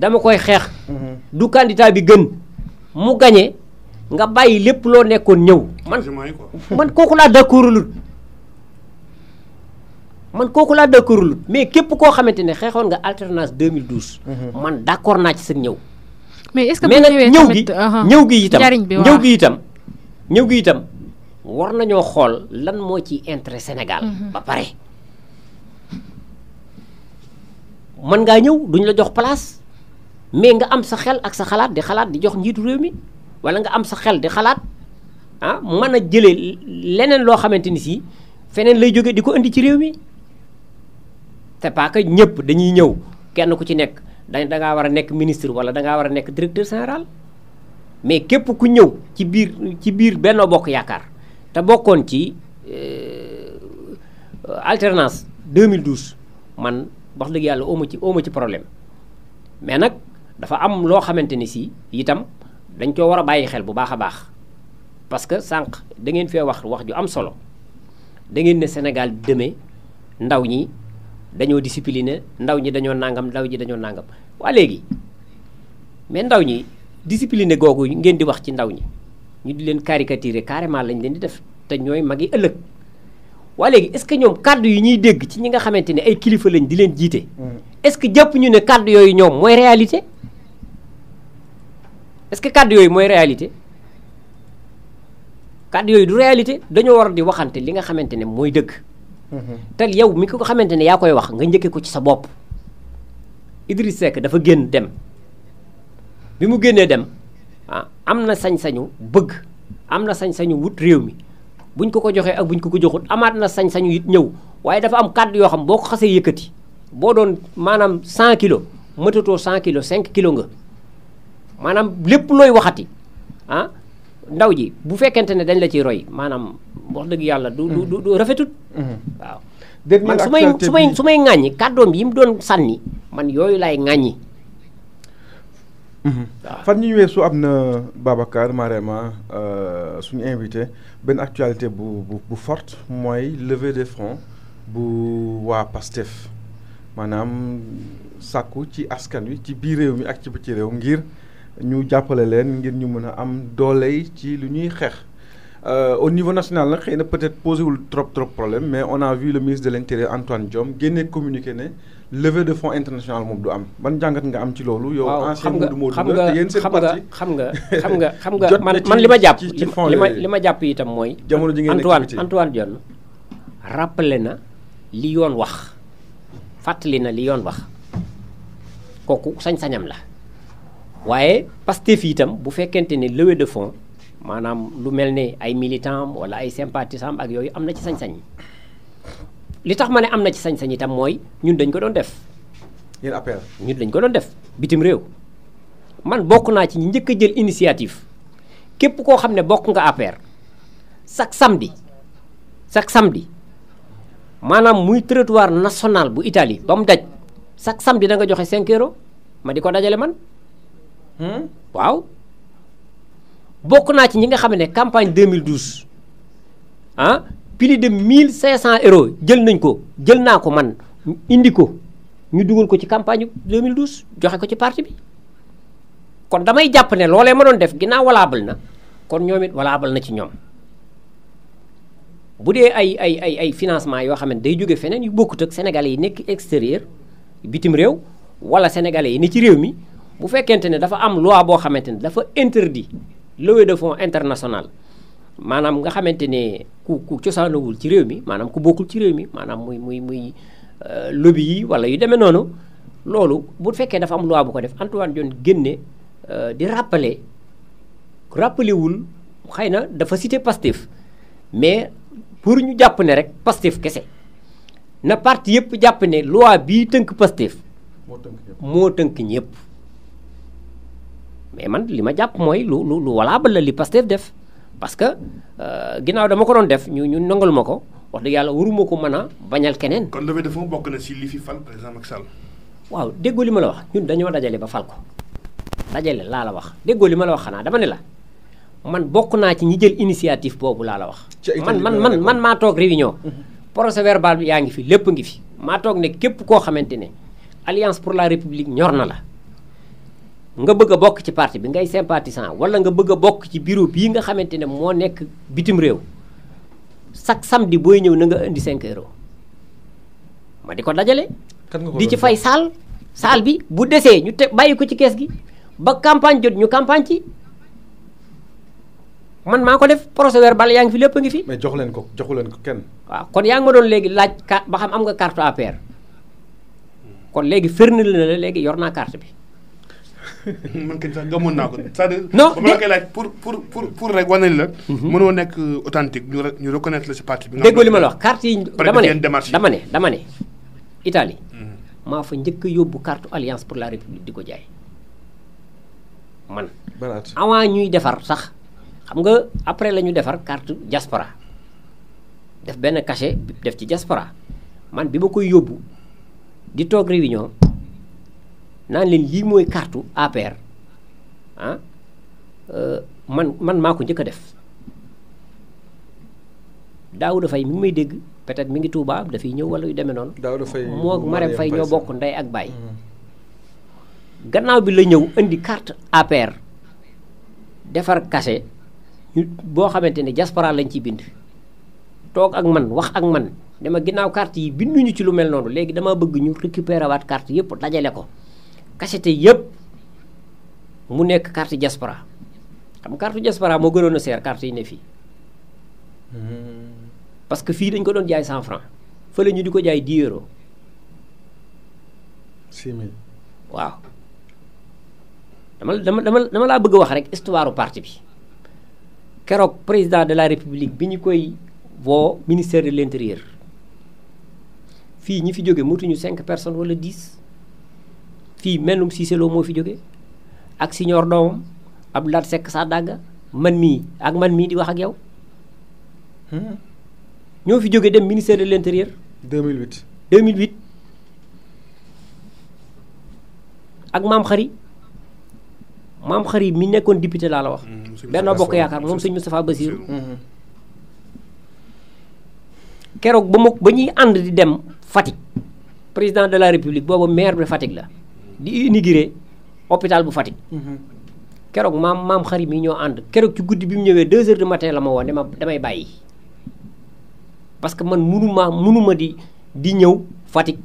A: dama koy xeex. Mhm. du candidat bi gën mu gañe nga bàyyi lépp loo nekkoon ñëw. man man kooku laa d'accordul man koku la d'accordul mais kep ko xamanteni ne nga alternance 2012. Mhm. man d'accord na ci sa ñew
E: mais est-ce que bu ñew tamit ñëw gi uh-huh, ñëw gi itam ñew gi
A: itam ñew gi itam war nañu xol lan mo ci intérêt Sénégal. Mhm. ba paré man nga ñew duñ la jox place mais nga am sa xel ak sa xalaat di xalaat di jox njiitu réew mi wala nga am sa xel di xalaat ah mën a jëlee leneen loo xamante ni si feneen lay jógee di ko indi ci réew mi c'est pas nyep ñëpp dañuy ñëw kenn ku ci nekk da nga wara nekk ministre wala da nga wara a nekk directeur général mais képp ku ñëw ci biir ci biir benno bokk yaakaar te bokkoon ci euh, alternance 2012 man wax dëgg yàlla ooma ci ooma ci problème mais nag dafa am loo xamante ni si itam dañ koo war a bàyyi xel bu baax a baax parce que sànq da ngeen fee wax wax ju am solo da ngeen ne Sénégal demee ndaw ñi dañoo discipliné ndaw ñi dañoo nangam ndaw ñi dañoo nangam waa léegi mais ndaw ñi discipliné googu ngeen di wax ci ndaw ñi ñu di leen caricaturer carrément lañ leen di def te ñooy mag yi ëllëg waa léegi est-ce que ñoom kàddu yi ñuy dégg ci ñi nga xamante ni ay kilifa lañ di leen jiite. Mm. est-ce que jàpp ñu ne kàddu yooyu ñoom mooy réalité est que kàddu yooyu mooy réalité kàddu yooyu du réalité dañoo war di waxante li nga xamante ne mooy dëgg. te yow mi ko xamante ne yaa koy wax nga njëkkee ko ci sa bopp Idriss Seck dafa génn dem bi mu génnee dem ah, am na sañ-sañu bëgg am na sañ-sañu wut réew mi buñ ko ko joxee ak buñ ko ko joxut amaat na sañ-sañu it ñëw waaye dafa am kàddu yoo xam boo ko xasee yëkkati boo doon maanaam 100 kilos mëtatoo 100 kilos 5 kilos nga maanaam lépp looy waxati ah, ndaw ji bu fekkente ne dañ la ciy roy maanaam wax dëgg yàlla du du du rafetut mm-hmm. Mm-hmm. waaw man su may su may su may ŋàññi kàddoom yi mu doon sànni man yooyu laay ŋàññi
D: mm-hmm.
B: fan ñu weesu am na Babacar Marema euh, suñu invité benn actualité bu bu forte mooy levée des fonds bu waa PASTEF maanaam sàkku ci askan wi ci biir réew mi ak ci bitti réew ngir ñu jàppale leen ngir ñu mën a am euh, au niveau national il peut-être posé trop trop problème mais on a vu le ministre de l'intérieur Antoine qui communiqué ne levée de fonds international am ban nga am ci yow xam nga
A: man Antoine Antoine Diom rappelé na li yoon wax na li yoon wax waaye fii itam bu fekkente ne levée de fonds maanaam lu mel ne ay militant wala ay sympathisant ak yooyu am na ci sañ-sañ li tax ma ne am na ci sañ-sañ itam mooy ñun dañ ko doon def.
B: yéen
A: dañ ko doon def bitim réew. man bokk naa ci ñu njëkk a jël initiative képp koo xam ne bokk nga APR chaque samedi chaque samedi maanaam muy territoire nationale bu Italie ba mu daj chaque samedi da nga joxe 5 euros ma di ko dajale man. Hmm? waaw bokk naa ci ñi nga xam ne campagne 2012 ah plus de 1500 euros jël nañ ko jël naa ko man indi ko ñu dugal ko ci campagne 2012 joxe ko ci parti bi kon damay jàpp ne loolee ma doon def ginnaaw valable na kon ñoom it valable na ci ñoom bu dee ay ay ay ay financement yoo xam ne day jóge feneen yu bokkut ak sénégalais yi nekk extérieur bitim réew wala sénégalais yi ni ci réew mi. bu fekkente ne dafa am loi boo xamante ne dafa interdit levée de fonds international maanaam nga xamante ne ku ku cosaanawul ci réew mi maanaam ku bokkul ci réew mi maanaam muy muy muy euh, lobby yi wala yu demee noonu loolu bu fekkee dafa am loi bu ko def Antoine Diome génne euh, di rappeler rappelé wul xëy na dafa cité pastif mais pour ñu jàpp ne rek pastif kese na parti yépp jàpp ne loi bii tënk pastif moo tënk ñëpp moo tënk ñëpp. mais man li ma jàpp mooy lu lu lu walaa bala li Pastef def parce que euh, ginnaaw dama ko doon def ñu ñu nangal ma ko wax dëgg yàlla waruma ko mën a bañal keneen. kon levée de fonds bokk na si li fi fal président Macky waaw déggoo li ma la wax ñun dañoo dajale ba fal ko dajale laa la wax déggoo li ma la wax xanaa dama ne la man bokk naa ci ñi jël initiative boobu laa la wax. man man man man maa toog réunion. Mhm. procès bal bi yaa ngi fi lépp ngi fi. maa toog ne képp koo xamante ne alliance pour la république ñor na la. nga bëgg bok bokk ci parti bi ngay sympathisant wala nga bëgg a bokk ci bureau bi nga xamantene mo nek bitim rew sak samedi boy ñew na nga indi 5 euro ma diko dajalé kan di ci fay sal sal bi bu déssé ñu te ci caisse gi ba campagne jot ñu campagne ci. man mako def procès verbal yaa fi lepp ngi fi. mais jox len ko joxu len ko kenn. wa kon yaang ma doon léegi laaj ba xam am nga carte APR kon léegi fernel na la yorna carte bi.
C: man kañ sax gëmoon naa ko c'est-à-dire. non ma la koy laaj pour pour pour pour rek wane la. Mhm. mënoo nekk authentique ñu ñu reconnaître
A: la si parti bi. déggoo li ma la wax carte yi dama ne dama ne dama ne Italie. Mhm. maa fa njëkk a yóbbu carte alliance pour la république di ko jaay man. avant ñuy defar sax xam nga après la ñu defar carte diaspora def benn cachet def ci diaspora man bi ma koy yóbbu di toog réunion. naan leen lii mooy kartu APR ah euh, man man maa ko njëkk a def Daouda fay mi may dégg peut-être mi ngi Touba dafay ñëw wala yu demee noonu. Daouda Faye moo Marème Faye ñoo bokk ndey ak baay. Mm-hmm. gannaaw bi la ñëw indi carte APR defar kase ñu boo xamante ni diaspora lañ ciy bind. toog ak man wax ak man dama gannaaw carte yi binduñu ci lu mel noonu léegi dama bëgg ñu récupérer waat carte yëpp dajale ko. cacheté yëpp mu nekk carte diaspora xam carte diaspora moo gënoon a seer carte yi ne fii hmm. parce que fii dañ ko doon jaay cent franc fële ñu di ko jaay dix euros. waaw dama dama dama dama laa bëgg a wax rek histoire parti bi keroog président de la république bi ñu koy woo ministère de l' intérieur fii ñu fi jóge motuñu cinq personnes wala dix. fii melum Cissé moo fi jóge ak siñoor doomam ab lat sekk saa dàgga man mii ak man mii di wax ak yow hmm. ñoo fi jóge dem ministère de l' 2008 2008 ak maam xari maam xari mi nekkoon député laa la wax hmm, benno bokk yaakaar moom sëñ Moustapha Bassirou keroog ba ba ñuy di dem Fatick président de la république booba maire de Fatick la di ini hôpital bu fatik kérok mam mhm. mam xarit mi ñoo and kérok ci guddi bi mu ñëwé 2 h du matin la ma woné ma damay bayyi parce que man munuma munuma di di ñëw fatik.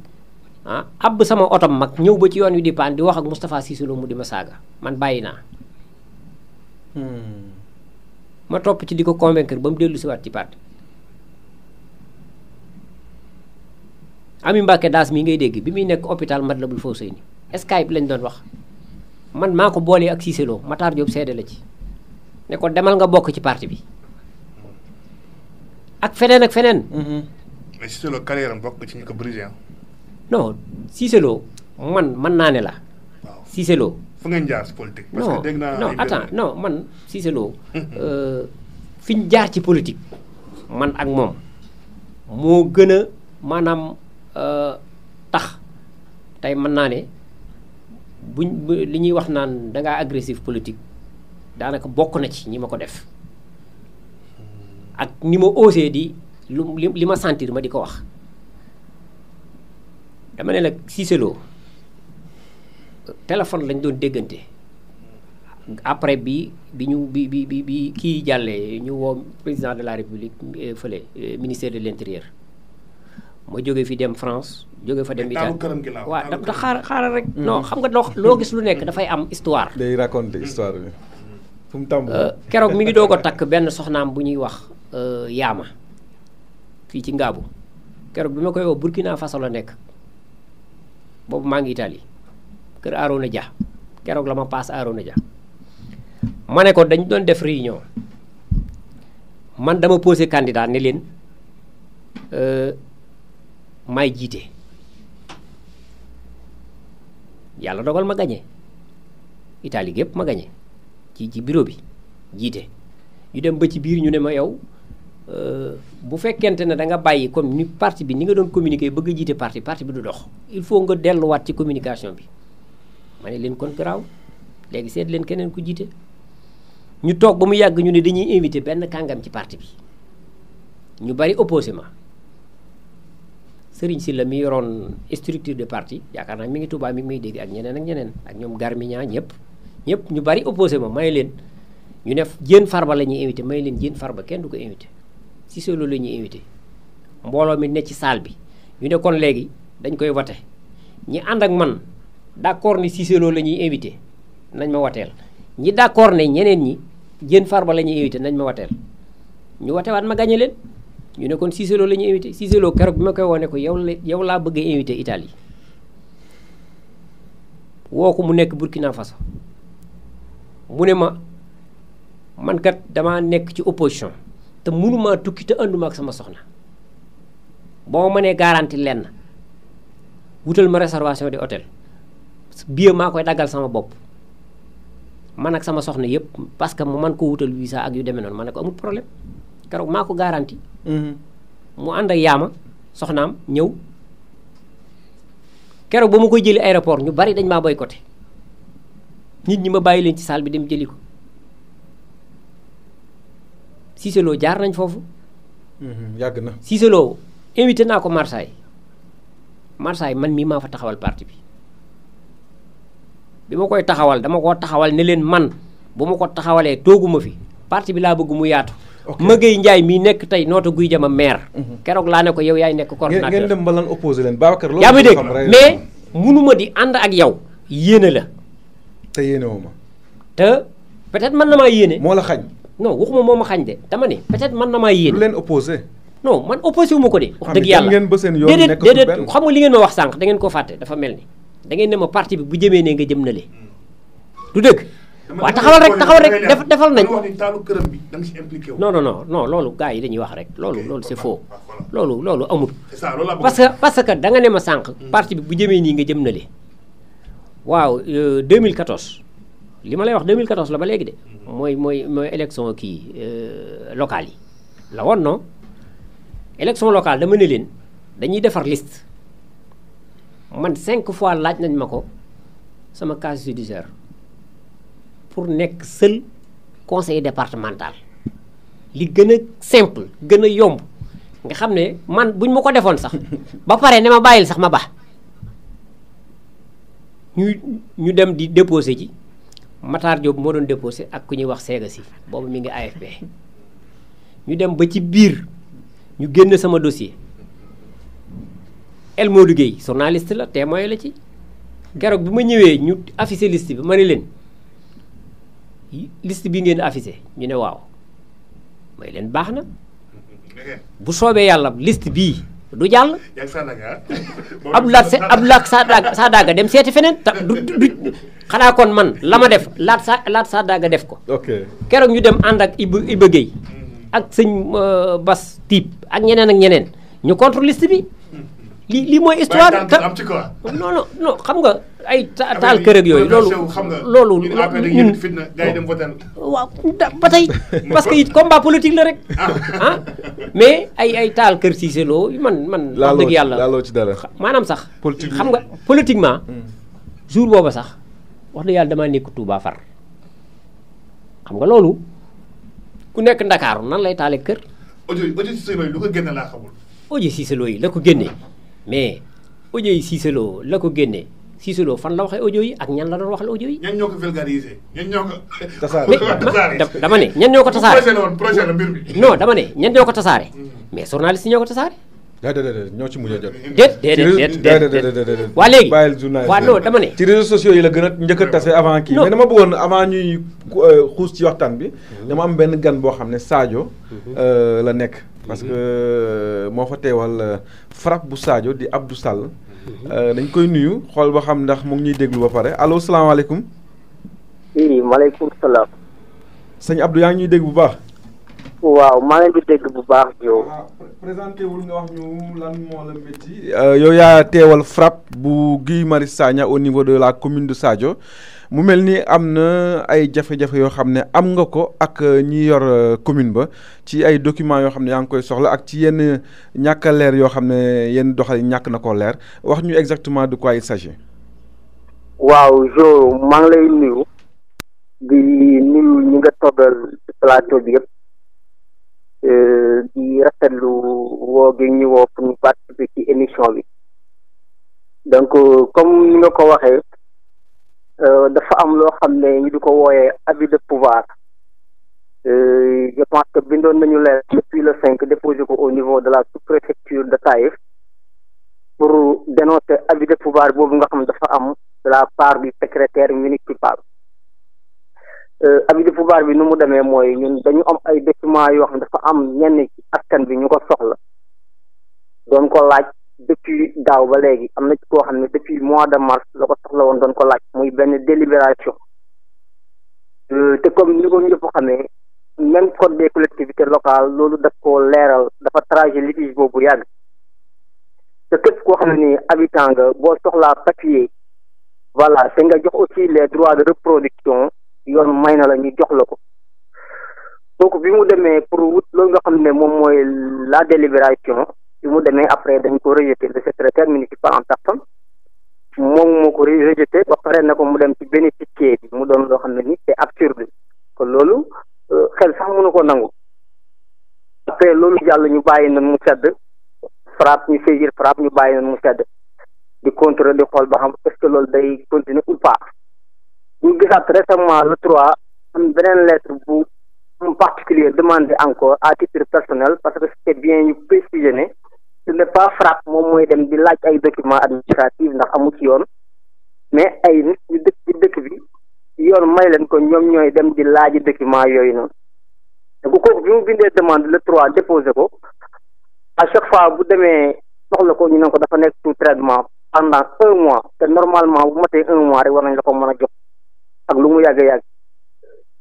A: ah ab sama otom mak ñëw ba ci yoon wi di pan di wax ak mustapha mu di ma saga man na. Hmm. ma top ci di convaincre bam delu ci wat ci parti ami mbake das mi ngay deg bi nek nekk hôpital Matlaboul Fawzeyni Skype lañ doon wax man maa ko boolee ak Cissé Lo Matar Diop seede la ci ne ko demal nga bokk ci parti bi ak feneen ak feneen. Mm-hmm.
C: mais Cissé Lo ko brisé
A: man mën naa ne la. waaw Cissé Lo. jaar ci politique. naa non attends non man Cissé Lo. Euh, fi ñu jaar ci politik man ak moom moo gën a maanaam euh, tax tey mën naa ne. buñ li ñuy wax naan dangaa agressif politique daanaka bokk na ci ñi ma ko def ak ni ma osé di lu li ma sentir ma di ko wax dama ne nag Cissé téléphone lañ doon déggante après bi bi ñu bi bi bi bi kii jàllee ñu woo président de la république euh, fële euh, ministère de l'intérieur ma jóge fi dem France jóge fa dem bitan wa da la xara xara rek non xam nga lo gis lu da fay am histoire
B: day raconter histoire bi fum mu euh,
A: kérok mi ngi dogo tak ben soxnam bu ñuy wax euh, yama fi ci ngabu kérok bima koy wax Burkina Faso la nek bobu ma ngi Italie kër Arona Dia kérok lama pass Arona Dia mané ko dañ doon def réunion man dama poser candidat ne euh may jité yàlla dogal ma gañe Italie gépp ma gañe ci ci bureau bi jiite ñu dem ba ci biir ñu ne ma yow euh, bu fekkente ne da nga bàyyi kon ni parti bi ni nga doon communiquer bëgg a parti parti bi du dox il nga delluwaat ci communication bi ma ne leen kon garaaw léegi seet leen keneen ku jiite ñu toog ba mu yàgg ñu ne dañuy invité benn kàngam ci parti bi ñu bari opposé ma Serigne la mi yoroon structure de parti yaakaar naa mi ngi tubaab mi ngi may dégg ak ñeneen ak ñeneen ak ñoom Garmiña ñëpp ñëpp ñu bari opposé ma may leen ñu ne Diène Farba la ñuy invité may leen Diène Farba kenn du ko invité Cissé Lo la ñuy invité mbooloo mi ne ci salle bi ñu ne léegi dañ koy voté ñi ànd ak man d'accord ni Cissé Lo la ñuy invité nañ ma wateel ñi d'accord ne ñeneen ñi Diène Farba la ñuy invité nañ ma wateel ñu watewaat ma gagné leen. ñu ne kon Cissé Lo la ñu invité Cissé Lo keroog bi ma koy wane ko yow la yow laa bëgg a invité Italie woo ko mu nekk Burkina Faso mu ne ma man kat damaa nekk ci opposition te mënumaa tukki te ànduma ak sama soxna boo ma mënee garanti lenn wutal ma réservation de hôtel billet maa koy daggal sama bopp man ak sama soxna yëpp parce que mu man ko wutal visa ak yu demee noonu ma ne ko amul problème. keroog maa ko garanti. Mhm. mu ànd ak yaama soxnaam ñëw. keroog bu ma koy jëli aéroport ñu bari dañ maa boycotté nit ñi ma bàyyi leen ci salle bi dem jëli ko Cissé jaar nañ foofu.
B: Mhm, yàgg na
A: Cissé invité naa ko Marseille Marseille man mii maa fa taxawal parti bi bi ma koy taxawal dama ko taxawal ne leen man bu ma ko taxawalee tooguma fi parti bi laa bëgg mu yaatu. Maguette Ndiaye mii nekk tey noota guy jama maire. Mhm. keroog laa ne ko yow yaay nekk coordonnateur ngeen
B: dem ba lan opposé leen Babacar loolu yaa ma dégg mais
A: munuma di ànd ak yow yéene la. te yéene ma. te peut-être mën na maa yéene. moo la xañ. non waxuma moo ma xañ de dama ne peut-être mën na maa yéene. lu leen opposé. non man opposé wu ko de. wax ah, dëgg yàlla déedéet déedéet xam nga li ngeen ma wax sànq da ngeen ko fàtte dafa mel ni dangeen ngeen ne ma parti bi bu jëmee ne nga jëm na le hmm.
B: du dëgg waaw taxawal rek
A: taxawal rek def
C: defal nañ non
A: non non non loolu gars yi dañuy wax rek loolu loolu c'est foo loolu loolu amul parce que parce que da nga ne ma sànq hmm. parti bi bu jëmee nii nga jëm na li waaw 2014 euh, li ma lay wax 2014 la ba léegi de hmm. mooy mooy mooy élection kii euh, locale yi la woon non élection locale dama ne leen dañuy defar liste man cinq fois laaj nañ ma ko sama casier judiciaire pour nek seul conseiller départemental li gëna simple gëna yomb nga man buñ mako ko sax ba paré ne ma bàyyil sax ma ba ñu ñu dem di déposer ji Matar job mo doon déposer ak ku ñi wax séga si bobu mi ngi AFP ñu dem ba ci bir ñu génn sama dossier El Modou Gueye journaliste la témoin la ci garok bi ma ñëwee ñu officialiste bi mané liste bi ngeen affiché ñu ne waaw may leen baax na bu soobee yàlla list bii du jàll.
C: ab se abdoulaat
A: saa daaga ah. dem seeti feneen ta du du xanaa kon man la ma def laat sa laat saa daaga def ko. ok keroog ñu dem ànd ak Ibou Ibou mm-hmm. ak sëñ euh, Bas Tiib ak ñeneen ak ñeneen ñu contre liste bi. li li mooy histoire non non non xam nga ay taal kër ak yooyu. loolu loolu ñun waaw ba tey parce que it combat politique la rek ah. Ah. mais ay ay taal kër Cissé Lo man man. la dëgg yàlla laaloo ci dara maanaam sax. xam nga politiquement. Hmm. jour booba sax wax dëgg yàlla damaa nekk Touba far xam nga loolu ku nekk Ndakaaru nan lay taale kër. audio audio Cissé Lo yi lu ko génne yi la ko génnee. mais audio yi la ko génnee Cissé fan la waxee audio yi ak ñan la doon waxal audio yi. ñan ñoo ko vulgarisé ñan ñoo ko. tasaare mais dama ne ñan ñoo ko tasaare. projet projet la mbir mi. non dama ne mm. mais
B: journaliste yi ñoo ko tasaare. déedéet ñoo ci mujj a jot. déet déedéet déet déet waa léegi bàyyil journaliste waa non dama ne. ci réseaux sociaux yi la gën a njëkk a tase avant kii. mais dama bëggoon avant ñuy euh, xuus ci waxtaan bi. Mm-hmm. dama am benn gan boo xam ne Sadio mm-hmm. euh, la nekk. parce que moo fa teewal euh, frappe bu Sadio di Abdou Sall. Mhm. Euh, dañ koy nuyu xool ba xam ndax mu ngi ñuy déglu ba pare allo salaamaaleykum.
D: oui maaleykum salaam.
B: sëñ Abdou yaa ngi ñuy dégg bu baax. waaw maa ngi dégg bu baax yow. Ah, présenté wul nga wax ñu lan moo la métti. Euh, yow yaa teewal frappe bu Guy Marius Sagna au niveau de la commune de Sadio. mu mel ni am na ay jafe-jafe yoo xam ne am nga ko ak euh, ñi yor euh, commune ba ci ay documents yoo xam ne yaa ngi koy soxla ak ci yenn ñàkk leer yoo xam ne yenn doxal ñàkk na ko leer wax ñu exactement du quoi il s'agit
D: waaw Jo maa ngi lay nuyu. di nuyu ñi nga toggal plateau bi yëpp. Euh, di rafetlu woo gi ñu woo pour ñu participer ci émission bi. donc comme ni nga ko waxee. Euh, dafa am loo xam ne ñu di ko wooyee abus de pouvoir euh, je pense que bindoon nañu leer depuis le cinq déposé ko au niveau de la sous de Taïf pour dénoncer abus de pouvoir boobu nga xam dafa am de la part du secrétaire municipal euh, abus de pouvoir bi nu mu demee mooy ñun dañu am ay documents yoo xam dafa am ñenn ci askan bi ñu ko soxla doon ko laaj depuis daaw ba léegi am na ci koo xam ne depuis mois de mars la ko soxla woon doon ko laaj muy benn délibération euh, te comme ni ko ñëpp xamee même code des collectivités locales loolu daf ko leeral dafa trajet litige boobu yàgg te képp koo xam ne habitant nga boo soxlaa papier voilà te nga jox aussi les droits de reproduction yoon may na la ñu jox la ko donc bi mu demee pour wut loolu nga xam ne moom mooy la délibération bi mu demee après dañ ko rejeté le secrétaire municipal en personne moom moo ko rejeté ba pare na ko mu dem ci bénéficier bi mu doon loo xam ne ni c'est absurde ko loolu euh, xel sax mënu ko nangu après loolu jàll ñu bàyyi nan mu sedd frappe ñu saisir frappe ñu bàyyi nan mu sedd di contrôler di xool ba xam est que loolu day continuer u pas ñu gisaat récemment le trois beneen lettre bu en particulier demandé encore a titre personnel parce que c'était bien ñu préciser ce n'est pas frappe moom mooy dem di laaj ay documents administratifs ndax amu ci yoon mais ay nit ñu dëkk bi yoon may leen ko ñoom ñooy dem di laaj documents yooyu noonu te bu kooku bi mu bindee demande le trois déposé ko à chaque fois bu demee soxla ko ñu ne ko dafa nekk sous traitement pendant un mois te normalement bu matee un mois rek war nañ la ko mën a jox ak lu mu yàgg yàgg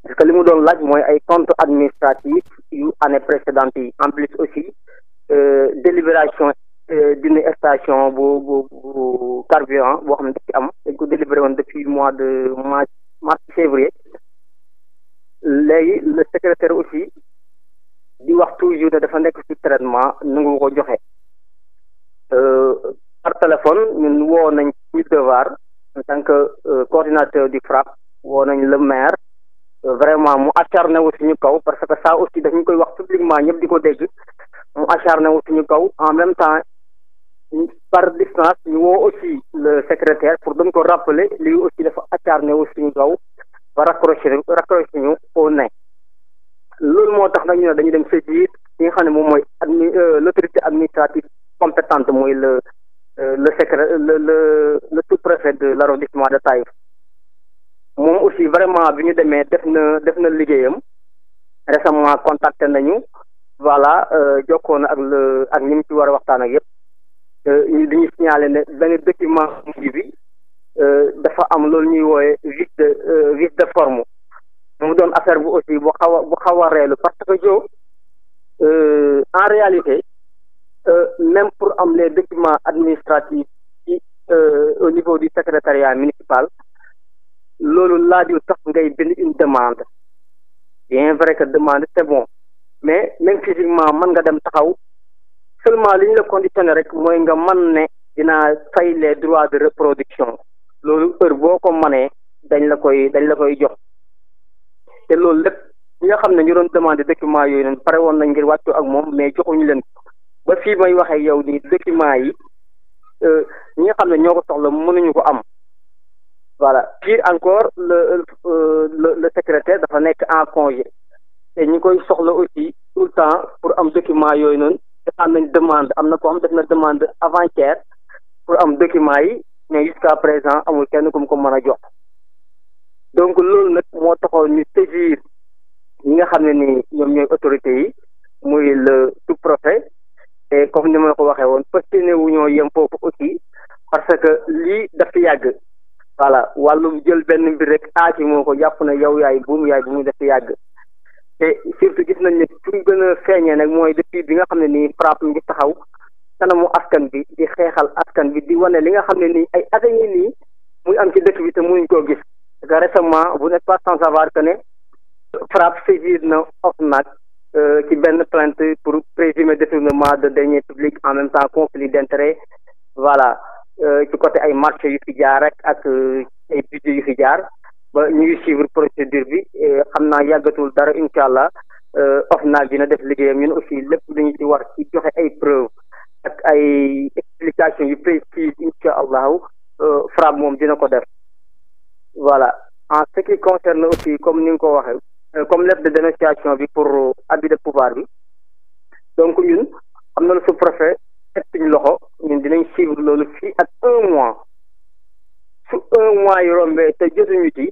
D: parce que li mu doon laaj mooy ay compte administratif yu année précédente yi en plus aussi Euh, délibération euh, d'une station bu bu bu carburant boo xam ne dañ am dañ ko délibéré woon depuis mois de mars mars février léegi le secrétaire aussi di wax toujours ne dafa nekk ci traitement nangu ko joxe euh, par téléphone ñun woo nañ plus de en tant que coordinateur di FRAPP woo nañ le maire vraiment mu acharné wu suñu kaw parce que ça aussi dañu koy wax publiquement ñëpp di ko dégg on acharné au Sénégal. en même temps par distance nous avons aussi le secrétaire pour donc rappeler lui aussi dafa acharné au Sénégal, kaw ba raccroché raccroché ñu au nez loolu moo tax nag ñu ne dañu dem sa jiit ki administrative compétente euh, le le le tout préfet de l'arrondissement de Taïf moom aussi vraiment bi de demee def na def na liggéeyam récemment contacté nañu voilà euh, jokkoo ak le ak nim ci wara waxtan ak yépp euh, ñu dañuy signaler ne ben document ngi bi euh, dafa am loolu ñuy wooye vice de de forme mu doon affaire bu aussi bu xaw bu xaw a reelu parce que jo en réalité même pour am les documents administratifs ci au niveau du secrétariat municipal loolu laajul tax ngay bind une demande bien vrai que demande c'est bon mais même physiquement nga dem taxaw seulement li ñu la conditionné rek mooy nga man ne dinaa fay les droits de production loolu heure boo ko manee dañ la koy dañ la koy jox te loolu lépp ñi nga xam ne ñu roon demandé documents yooyu noonu pare woon nañ ngir wàccu ak moom mais joxuñu leen ko ba fii may waxee yow nii documents yi euh, ñi nga xam ne ñoo ko soxla mënuñu ko am voilà pire encore le euh, le le secrétaire dafa nekk en congé te ñi koy soxla aussi tout le temps pour am document yooyu noonu am nañ demande am na ko xam def na demande avant-hier pour am document yi mais jusqu'à présent amul kenn kum ko mën a jox donc loolu nag moo taxoon ñu saisir ñi nga xam ne ni ñoom ñoy autorités yi muy le sous-préfet et comme ni ma ko waxee woon pasténe wu ñoo yem foofu aussi parce que lii dafa yàgg voilà wàllum jël benn mbir rek aaci moo ko jàpp na yow yaay buum yaay bu mu dafa yàgg te surtout gis nañ ne fi mu gën a feeñee bi muy am ci dëkk bi ko récemment vous n'êtes pas sans savoir que ne frappe saisir na qui euh, ci benn plainte pour des détournement de dernier public, en même temps conflit d'intérêt voilà euh, ci côté ay marché yu fi jaar ak euh, ay ba ñu ngi suivre procédure bi eh, xam naa yàggatul dara incha allah eh, OFNAC dina def liggéeyam ñun aussi lépp dañu ñu ci war ci joxe ay preuve ak ay explication yu précise incha allahu eh, FRAPP moom dina ko def voilà en ce qui concerne aussi comme ni nga ko waxee comme lettre de dénonciation bi pour abus de pouvoir bi donc ñun am na lu sous-préfet teg suñu loxo ñun dinañ suivre loolu fii ak un mois su un mois yu rombee te jotuñu ci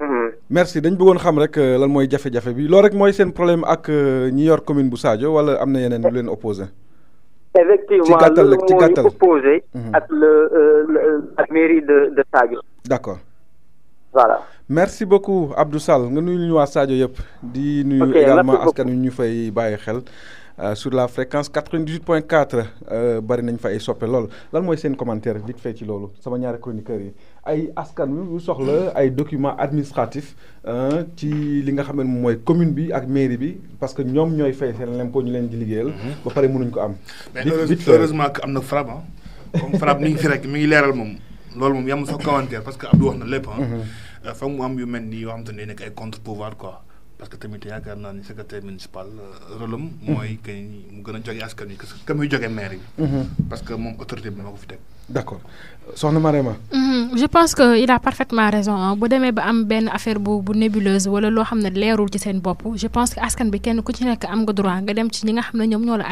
D: Mhm.
B: merci dañ bëggoon xam rek euh, lan mooy jafe-jafe bi loolu rek mooy seen problème ak ñi euh, yor commune bu Sadio wala am na yeneen lu leen opposé.
D: effectivement ci gàttal opposé mhm. ak euh, le la mairie de de Sadio. d' accord. voilà.
B: merci beaucoup Abdou Sall nga nuyu ñu waa Sadio yëpp. di nuyu également askan wi ñu fay bàyyi xel. Euh, sur la fréquence 98.4 euh, bari nañ fa ay soppé lol lan moy seen commentaire vite fait ci lolou sama ñaari chroniqueur yi ay askan wi bu soxla ay documents administratifs euh, ci li nga xam moy commune bi ak mairie bi parce que ñom ñoy fay seen l'impôt ñu leen di liggéeyal. Mhm. ba paré mënuñ ko am. mais heureusement que amna frappe FRAPP hein. comme frappe mi ngi fi rek mi ngi léral mom lolou mom yam sa commentaire
C: parce que Abdou wax na lépp hein mhm. foog mu am yu mel nii yoo xam ay contre pouvoir quoi. parce que tamit yaakaar naa ni secrétaire municipal euh, rôle am mooy mhm. que mu gën a jóge askan wi que muy joge maire bi mhm. parce que moom autorité bi moo ko fi teg
B: d'accord soxna Marema.
E: Mhm. je pense que il a parfaitement raison hein. bu demee ba am ben affaire bu bu nébuleuse wala lo xamné lérul ci sen bop. je pense que askan bi kenn ku ci nek am nga droit nga dem ci ñi nga xam ne ñoom ñoo la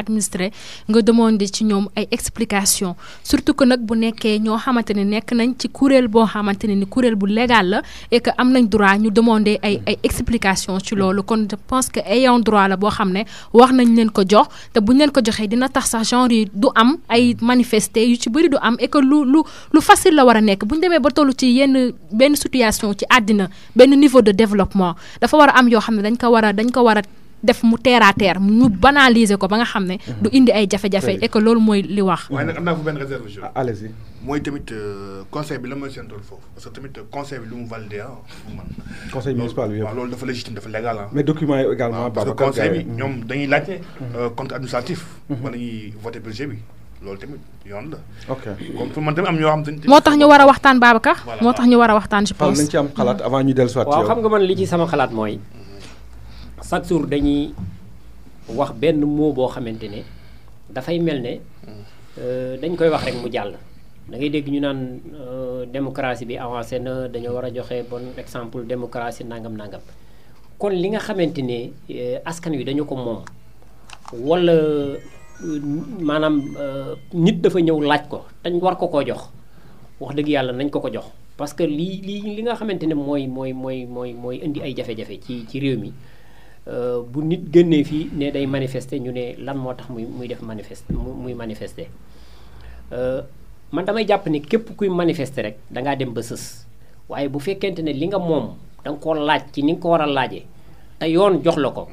E: nga demandé ci ñom ay explication surtout que nak bu nekkee ño xamante nek nañ ci kuréel bo xamante ni kuréel bu légal la et que am nañ droit ñu demandé ay ay explication ci loolu kon je pense que ayant droit la bo xamné wax nañ leen ko jox té buñ leen ko joxé dina tax sax genre yi du am ay manifester yu ci bari du am et que lu lu lu facile la war a nekk bu demee ba toll ci yenn benn situation ci àddina benn niveau de développement dafa war a am yoo xam ne dañ ko war a dañ ko war a def mu terre à terre ñu banaliser ko ba nga xam ne. Mhm. du indi ay jafe-jafe et que loolu mooy li wax. waaye nag am naa
C: fu benn réserve je. Ah, allez-y mooy tamit euh, conseil bi la mooy seen tool foofu parce que tamit euh, conseil bi lu mu valider ah man.
B: conseil municipal bi
C: waaw loolu dafa légitime dafa légal ah.
E: mais document
B: yi également. Babacar Gaye conseil bi ñoom
C: dañuy laajte. Mhm. Euh, compte administratif. Mhm. wala ñuy voter budget bi. loolu tamit yoon la.
A: ok
B: comme pour man tamit
C: am ñoo xam moo
E: tax ñu war a waxtaan Babacar. moo tax ñu war a waxtaan je pense. nañ ci am xalaat ñu dellusiwaat waaw xam
A: nga man li ci sama xalaat mooy jour dañuy wax benn mot boo xamante ne dafay mel ne mm. euh, dañ koy wax rek mu jàll. da ngay dégg ñu naan euh, démocratie bi avancé na dañoo war a joxe bon exemple démocratie nangam nangam kon li nga xamante ne euh, askan wi dañu ko moom wala. maanaam euh, nit dafa ñëw laaj ko dañ war ko koo jox wax dëgg yàlla nañ ko ko jox parce que lii lii li nga xamante ne mooy mooy mooy mooy mooy indi ay jafe-jafe ci ci réew mi euh, bu nit génnee fii ne day manifester ñu ne lan moo tax muy muy def manifester muy manifester euh, man damay jàpp ni képp kuy manifester rek da ngaa dem ba sës waaye bu fekkente ne li nga moom da nga koo laaj ci ni nga ko war a laajee te yoon jox la ko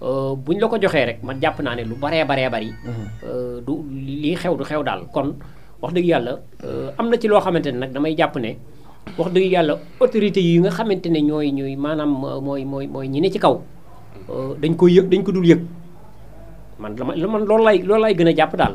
A: Euh, bu ñu la ko joxee rek man jàpp naa ne lu baree baree bari. Mhm. Euh, du lii xew du xew daal kon wax dëgg yàlla euh, am na ci loo xamante ne nag damay jàpp ne. wax dëgg yàlla autorité yi nga xamante ne ñooy ñooy maanaam mooy mooy mooy ñi ne ci kaw dañ koy yëg dañ ko dul yëg man man loolu lay loolu lay gën a jàpp daal.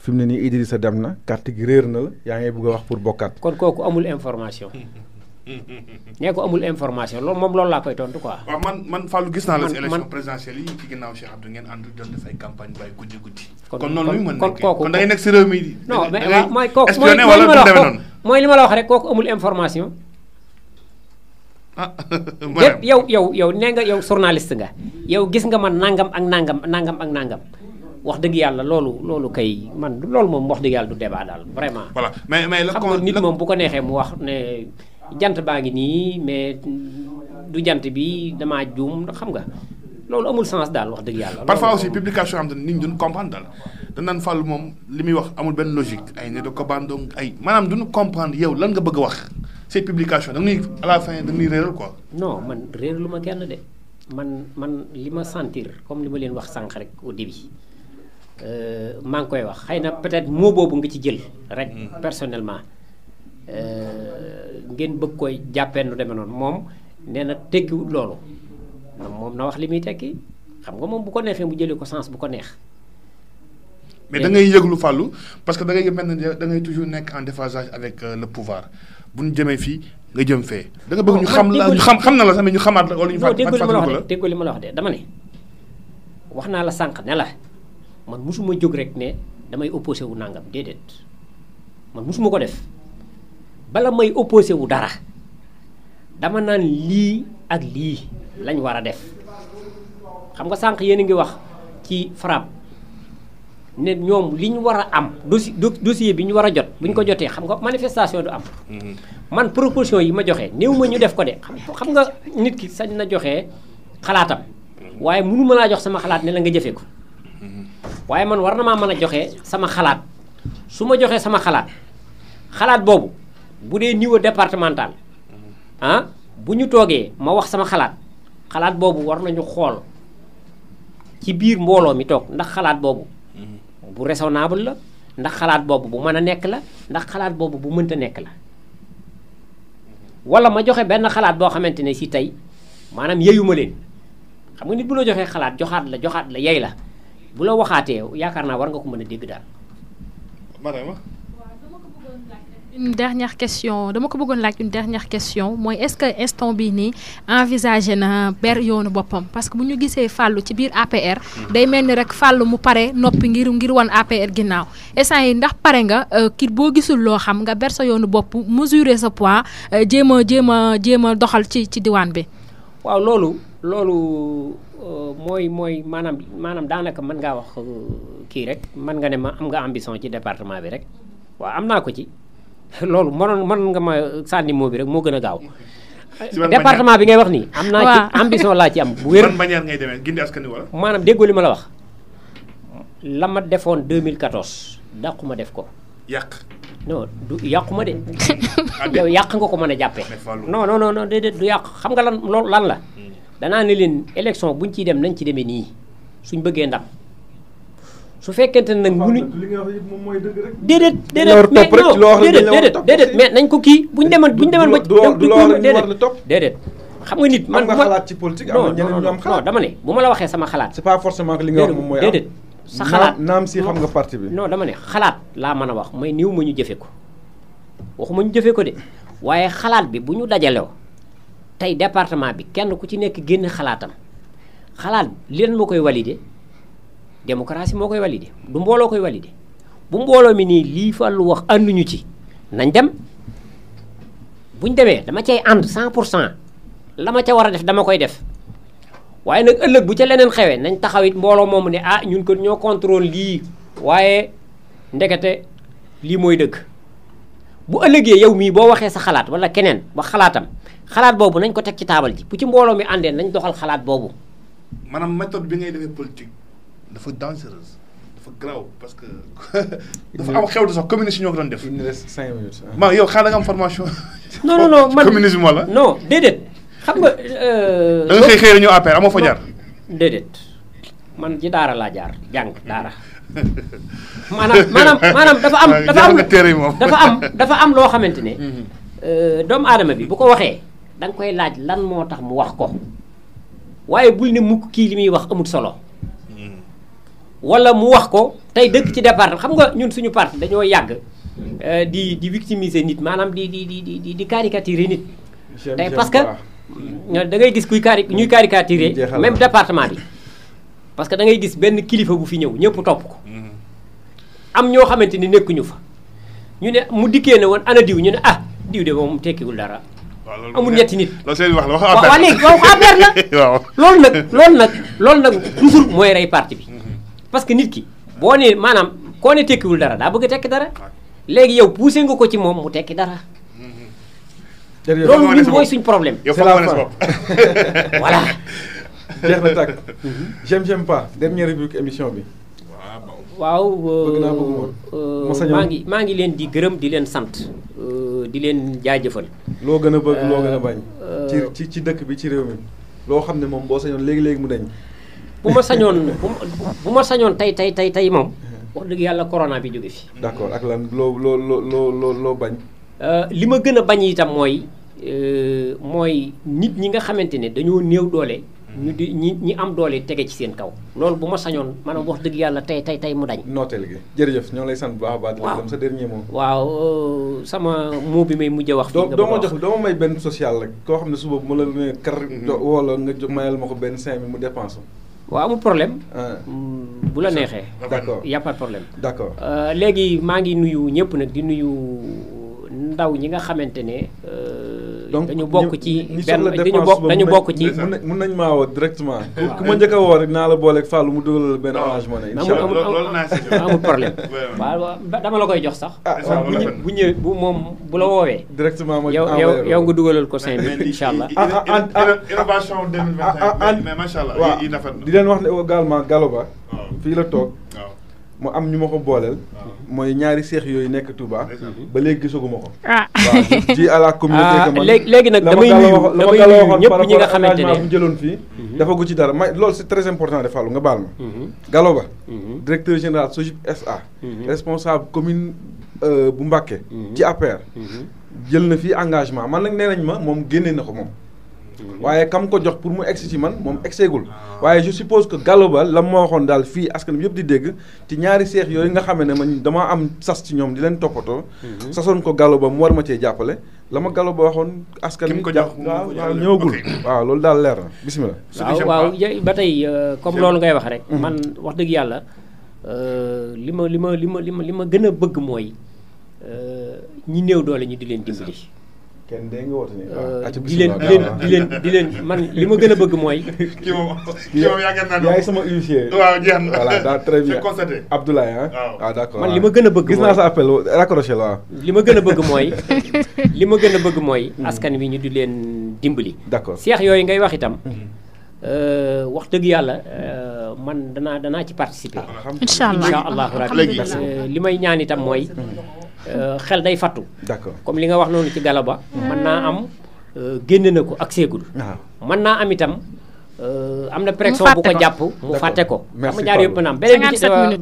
B: fi mu ne nii Idrissa dem na carte gi réer na la yaa ngi bugg a wax pour bokkat kon
A: kooku amul information. nee ko amul information loolu moom loolu laa koy tontu quoi. waaw man man fallu gis naa la élection
C: présidentielle yi ci ginnaaw Cheikh Abdou ngeen ànd doon say campagne bay guddi guddi.
A: kon noonu muy mën nekkee kon da ngay nekk si réew mi. non mais waaw mooy kooku mooy li ma la wax kooku mooy li ma la wax rek kooku amul information.
E: ah
A: yow yow yow nee nga yow journaliste nga. yow gis nga man nangam ak nangam nangam ak nangam. wax dëgg yàlla loolu loolu kay man loolu moom wax dëgg yàlla du débat daal vraiment. voilà mais mais la xam nga nit moom bu ko neexee mu wax ne jant baa ngi nii mais du jant bi damaa juum ndax xam nga loolu amul sens daal wax dëgg yàlla.
C: parfois aussi publication am na nit ñi duñ comprendre daal danaan fàll moom li muy wax amul benn logique ay ne da ko bandoo ay maanaam nu comprendre yow lan nga bëgg a wax ces publications da ngay à la fin da réeral
E: quoi.
A: man réer ma kenn man man li ma sentir comme li ma leen wax sànq rek au début. Euh, maa ngi koy wax xëy na peut-être mot boobu nga ci jël rek mm. personnellement euh, ngeen bëgg koy jàppee nu demee noonu moom nee na tekkiwut loolu moom na wax li muy tekki xam nga moom bu ko neexee mu jëlee ko sens bu ko neex.
C: mais da ngay yëglu
A: fàllu parce que da mel na da ngay
C: toujours nekk en déphasage avec euh, le pouvoir bu ñu jëmee fii nga jëm fee. da nga bëgg ñu xam la xam xam na la sax mais ñu xamaat la wala ñu. fàttali fàttali ko la
A: déggoo li ma la wax de dama ne wax naa la sànq ne la. man musuma jog rek ne damay opposé wu nangam dedet man musuma ko def bala may opposé wu dara dama nan li ak li lañ wara def xam nga sank yene ngi wax ci frappe ne ñom li wara am dossier dossier biñ wara jot buñ ko joté xam nga manifestation du am. Mhm. man proposition yi ma joxé néew ma ñu def ko dé xam nga nit ki sañ na joxé xalaatam mhm. waye mënu ma jox sama xalaat ne la nga jëfé ko. waaye man war na maa mën a joxe sama xalaat su ma joxee sama xalaat xalaat boobu bu dee niveau départemental ah bu ñu toogee ma wax sama xalaat xalaat boobu war nañu xool ci biir mbooloo mi toog ndax xalaat boobu bu raisonnable la ndax xalaat boobu bu mën a nekk la ndax xalaat boobu bu mën a nekk la wala ma joxe benn xalaat boo xamante ne si tey maanaam yeyuma leen xam nga nit bu la joxee xalaat joxaat la joxaat la yey la bu la waxaatee yaakaar naa war nga ko mën a dégg daal. Mariama.
E: une dernière question dama ko bëggoon laaj une dernière question mooy est-ce que instant bii nii envisagé na ber yoonu boppam parce que bu ñu gisee fàllu ci biir APR. Mhm. day mel ni rek fàllu mu pare noppi ngir ngir wan APR ginnaaw instant yi ndax pare nga euh, kii boo gisul loo xam nga ber sa yoonu bopp mesurer sa poids euh, jéem a jéem a jéem a doxal ci ci diwaan bi.
A: waaw loolu loolu. mooy mooy maanaam maanaam daanaka man ngaa wax euh, kii rek mën nga ne ma am nga ambition ci département bi rek waaw am naa ko ci loolu mënoon mën nga ma sànni moo bi rek moo gën a gaaw département bi ngay wax nii am naa ci ambition laa ci am bu wér manière ngay demee gindi askan wi wala maanaam déggoo li ma la wax la ma defoon 2014 dàqu ma def ko yàq yàqu ma de ah, yow yàq nga ko mën a jàppee non non non déedéet du yàq xam nga lan loolu lan la hmm. danaa ne leen élection buñ ciy dem nañ ci demee nii suñ bëggee ndam su fekkente ne nag. mënuñ déedéet déedéet mais non déedéet déedéet mais nañ ko kii buñ demoon buñ demoon ba. du loo déedéet xam nga nit man bu nga xalaat ci politique am na ñeneen ñu am xalaat non bu ma la waxee sama xalaat. c'est pas forcément que li nga wax moom mooy am sa xalaat naam si xam nga parti bi. non dama ne xalaat laa mën a wax may néew ma ñu jëfe ko waxuma ñu jëfe ko de waaye xalaat bi bu ñu dajalew tey département bi kenn ku ci nekk génn xalaatam xalaat leen moo koy validé démocratie moo koy walide du mbooloo koy validé bu mbooloo mi nii lii lu wax ànduñu ci nañ dem buñ demee dama cay ànd 100 pour cent la ma ca war a def dama koy def waaye nag ëllëg bu ca leneen xewee nañ taxaw it mbooloo moomu ne ah ñun ko ñoo contrôle lii waaye ndekete lii mooy dëgg bu ëllëgee yow mii boo waxee sa xalaat wala keneen wax xalaatam. xalaat boobu nañ ko teg ci taabal ji bu ci mbooloo mi àndee nañ doxal xalaat boobu.
C: maanaam méthode bi ngay defee politique dafa dangereuse dafa graw parce que
A: dafa am xew sax communisme ñoo ko doon
C: def. il reste cinq minutes. ma yow xaaral nga am formation. non non non man communisme wala. non déedéet
A: xam nga. Euh,
C: da nga xëy xëy ñu appel amoo fa jaar. déedéet
A: man ci daara laa jaar jàng daara. maanaam maanaam maanaam dafa am dafa am dafa am dafa am loo xamante ne. Euh, doomu aadama bi bu ko waxee. Dan nga koy laaj lan moo tax mu wax ko waaye bul ne mukk kii li muy wax amut solo hmm. wala mu wax ko tey dëkk ci département xam nga ñun suñu parti dañoo yàgg euh, di di victimiser nit maanaam di di di di di caricaturer nit tey parce que da ngay gis kuy cari ñuy caricaturer même département bi parce que da ngay gis benn kilifa bu fi ñëw ñëpp topp ko hmm. am ñoo xamante ni nekkuñu fa ñu ne mu dikkee ne woon ana diw ñu ne ah diw de moom tekkiwul dara amul ñetti nit. loolu seen wax la wax affaire waaw léegi wax affaire la. waaw loolu nag loolu nag loolu nag toujours mooy rey parti bi. Mhm. parce que nit ki boo nee maanaam koo ne tekkiwul dara daa bëgg a tekki dara. léegi yow poussé nga ko ci moom mu tekki dara. jërëjëf loolu ñun mooy suñu problème. yow foog nga ne sa bopp
B: voilà. jeex na tàkk. Mhm. j'aime j'aime pas dernière rubrique émission bi.
A: waaw eh, mangi mangi maa di gërëm di leen sant eh, di leen jaajëfal loo gën a bëgg loo gën a eh, bañ
B: ci ci dëkk bi ci réew mi loo xam ne moom boo sañoon léegi-léegi mu dañ bu ma sañoon
A: bu ma sañoon tey tey tey tey moom
B: wax dëgg yàlla corona bi jóge fi d'accord ak lan loo loo
A: loo loo loo bañ li ma gën a bañ itam mooy mooy nit ñi nga xamante ne dañoo doole ñu di ñi ñi am doole tege ci seen kaw. loolu bu ma sañoon maanaam wax dëgg yàlla tey tey tey mu dañ. nooteel gi
B: jërëjëf ñoo lay sant bu baax a baax. waaw sa dernier moom waaw
A: euh, sama mot bi may mujj
B: a wax. doo ma jox doo ma may benn social la koo xam ne suba mu la nee kar. Mm-hmm. nga jox mayal ma ko benn cinq mu dépense. waaw amul problème. Ah. Mm, bu la neexee. d' accord y' a pas problème. d' accord
A: euh, léegi maa ngi nuyu ñëpp nag di nuyu ndaw ñi nga xamante ne. Euh, donc dañu bokk ci benn dañu bokk dañu bokk ci.
B: mën nañ maa woo directement. Ah, ku ma njëkk a woo rek naa la booleeg Fallou mu dugalal benn Orange Money. incha allah loolu naa si amul problème.
A: dama la koy jox sax. ah, ah bu ñëwee bu moom bu la woowee. directement ma yow yow nga dugalal ko cinq mille incha ah,
B: allah. ah ah ah innovation 2021 di leen wax ne également Galoba. fii la toog. mo am ñu ma ko booleel. mooy ñaari seex yooyu nekk Touba. ba léegi gisaguma ko. ah
E: waaw
B: ji à la ah, communauté. ah léegi léegi nag damay nuyu damay nuyu ñëpp ñi nga xamante ne bu jëloon fii. Mm-hmm. dafa gu ci dara may loolu c'est très important de Fallou nga baal ma. Mm-hmm. Galo Ba. Mm-hmm. directeur général SOGIP SA. responsable commune euh, bu Mbacké. ci APR. jël na fii engagement man nag nee nañ ma moom génnee na ko moom. waaye kam ko jox pour mu egsi ci man moom egseegul waaye je suppose que galobal Ba la ma waxoon daal fii askan bi yëpp di dégg ci ñaari seex yooyu nga xamee ne man dama am sas ci ñoom di leen toppatoo mhm. sasoon ko galoba mu war ma cee jàppale la ma Gallo Ba waxoon askan bi waaw ñëwagul waaw loolu daal leer na bisimilah waaw waaw
A: ba tey euh, comme loolu ngay wax rek mhm. man wax dëgg yàlla euh, li ma li ma li ma li ma gën a bëgg mooy euh, ñi néew doole ñi di leen dimbali
B: kenn de nga euh, di leen di leen
A: di leen man li ma gën a bëgg mooy. kii
B: moom sama huissier. waaw ah, li ma gën a bëgg. gis naa sa appel raccroché la li ma gën a bëgg mooy
A: li ma gën a bëgg mooy. Hmm. askan wi ñu di leen dimbali. d' accord seex yooyu ngay wax itam. Hmm. Euh, wax dëgg yàlla euh, man danaa danaa ci participer. Ah, incha allah incha allah li may ñaan itam mooy. Hmm. Euh, xel day fatu comme li nga wax noonu ci galaba. man euh, na am genné nako ak ségul ah. man na am itam. Euh, am amna pression bu ko japp mu faté ko am ñaar yëpp am benen ci am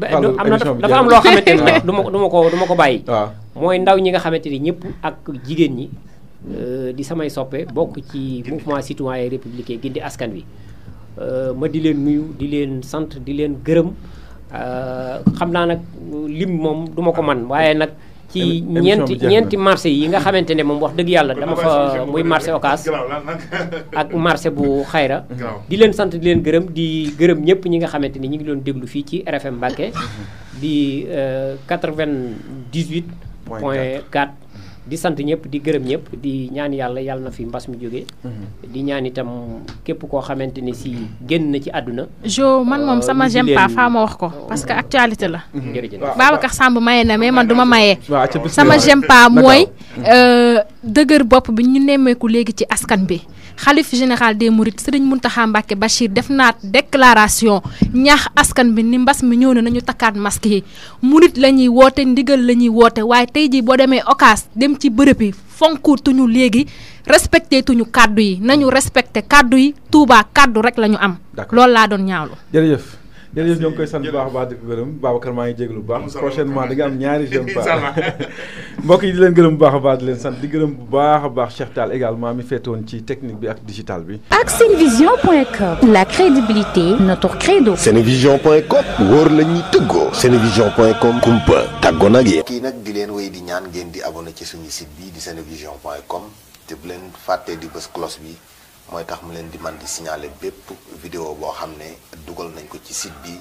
A: dafa am lo xamanteni ah. duma duma ko duma ko bayyi ah. moy ndaw ñi nga xamanteni ak jigen ñi di samay soppe bok ci mouvement citoyen républicain gindi askan wi ma di len nuyu di len sant di len khamna xam naa lim mom duma ko man waye nak ci ñeenti ñeenti marché yi nga xamante ne moom wax dëgg yàlla dama fa muy marché Ocass ak marché bu xayra di leen sant di leen gërëm di gërëm ñëpp ñi nga xamante ni ñu ngi doon déglu fii ci RFM Mbacké di 98 euh, point 4 di sant ñëpp di gërëm ñëpp di ñaan yàlla yàlla na fi mbas mi jógee. Mhm. di ñaan itam képp koo xamante ni si génn na ci àdduna.
E: jo man moom euh, sama j'aime pas faa ma wax ko oh. parce que actualité la. Mm-hmm. Mhm. jërëjëf Babacar Samb maye na mais man du ma maye. sama j'aime pas mooy mhm. euh, dëgër bopp bi ñu nemmeeku léegi ci askan bi. xalif général des mourides sëriñ Mountakha Mbacké Bachir def naat déclaration ñaax askan bi ni mbas mi ñëw na nañu takkaat masque yi murit la ñuy woote ndigal la ñuy woote waaye tey jii boo demee occas dem ci bërëb yi fonkutuñu léegi respecté tuñu kàddu yi nañu respecté kàddu yi Touba kàddu rek la ñu am. loolu laa doon ñaawlu.
B: jërëjëf. jërëjëf ñoo ngi koy sant bu baax baax di ko gërëm Babacar maa ngi jéglu bu baax prochainement di nga am ñaari jeune pa mbokk yi di leen gërëm bu baax a baax di leen sant di gërëm bu baax a baax Cheikh Tall également mi feetoon ci technique bi ak digital bi
E: ak senevision.com la crédibilité notre credo
A: senevision.com
C: wóor la ñuy tëggoo senevision.com kumpa tàggoo ak yéen kii nag di leen wéy di ñaan ngeen di abonné ci suñu site bi di senevision.com te bu leen fàttee di bës cloche bi mooy tax mu leen di man di signaler bépp vidéo boo xam ne dugal nañ ko ci site bi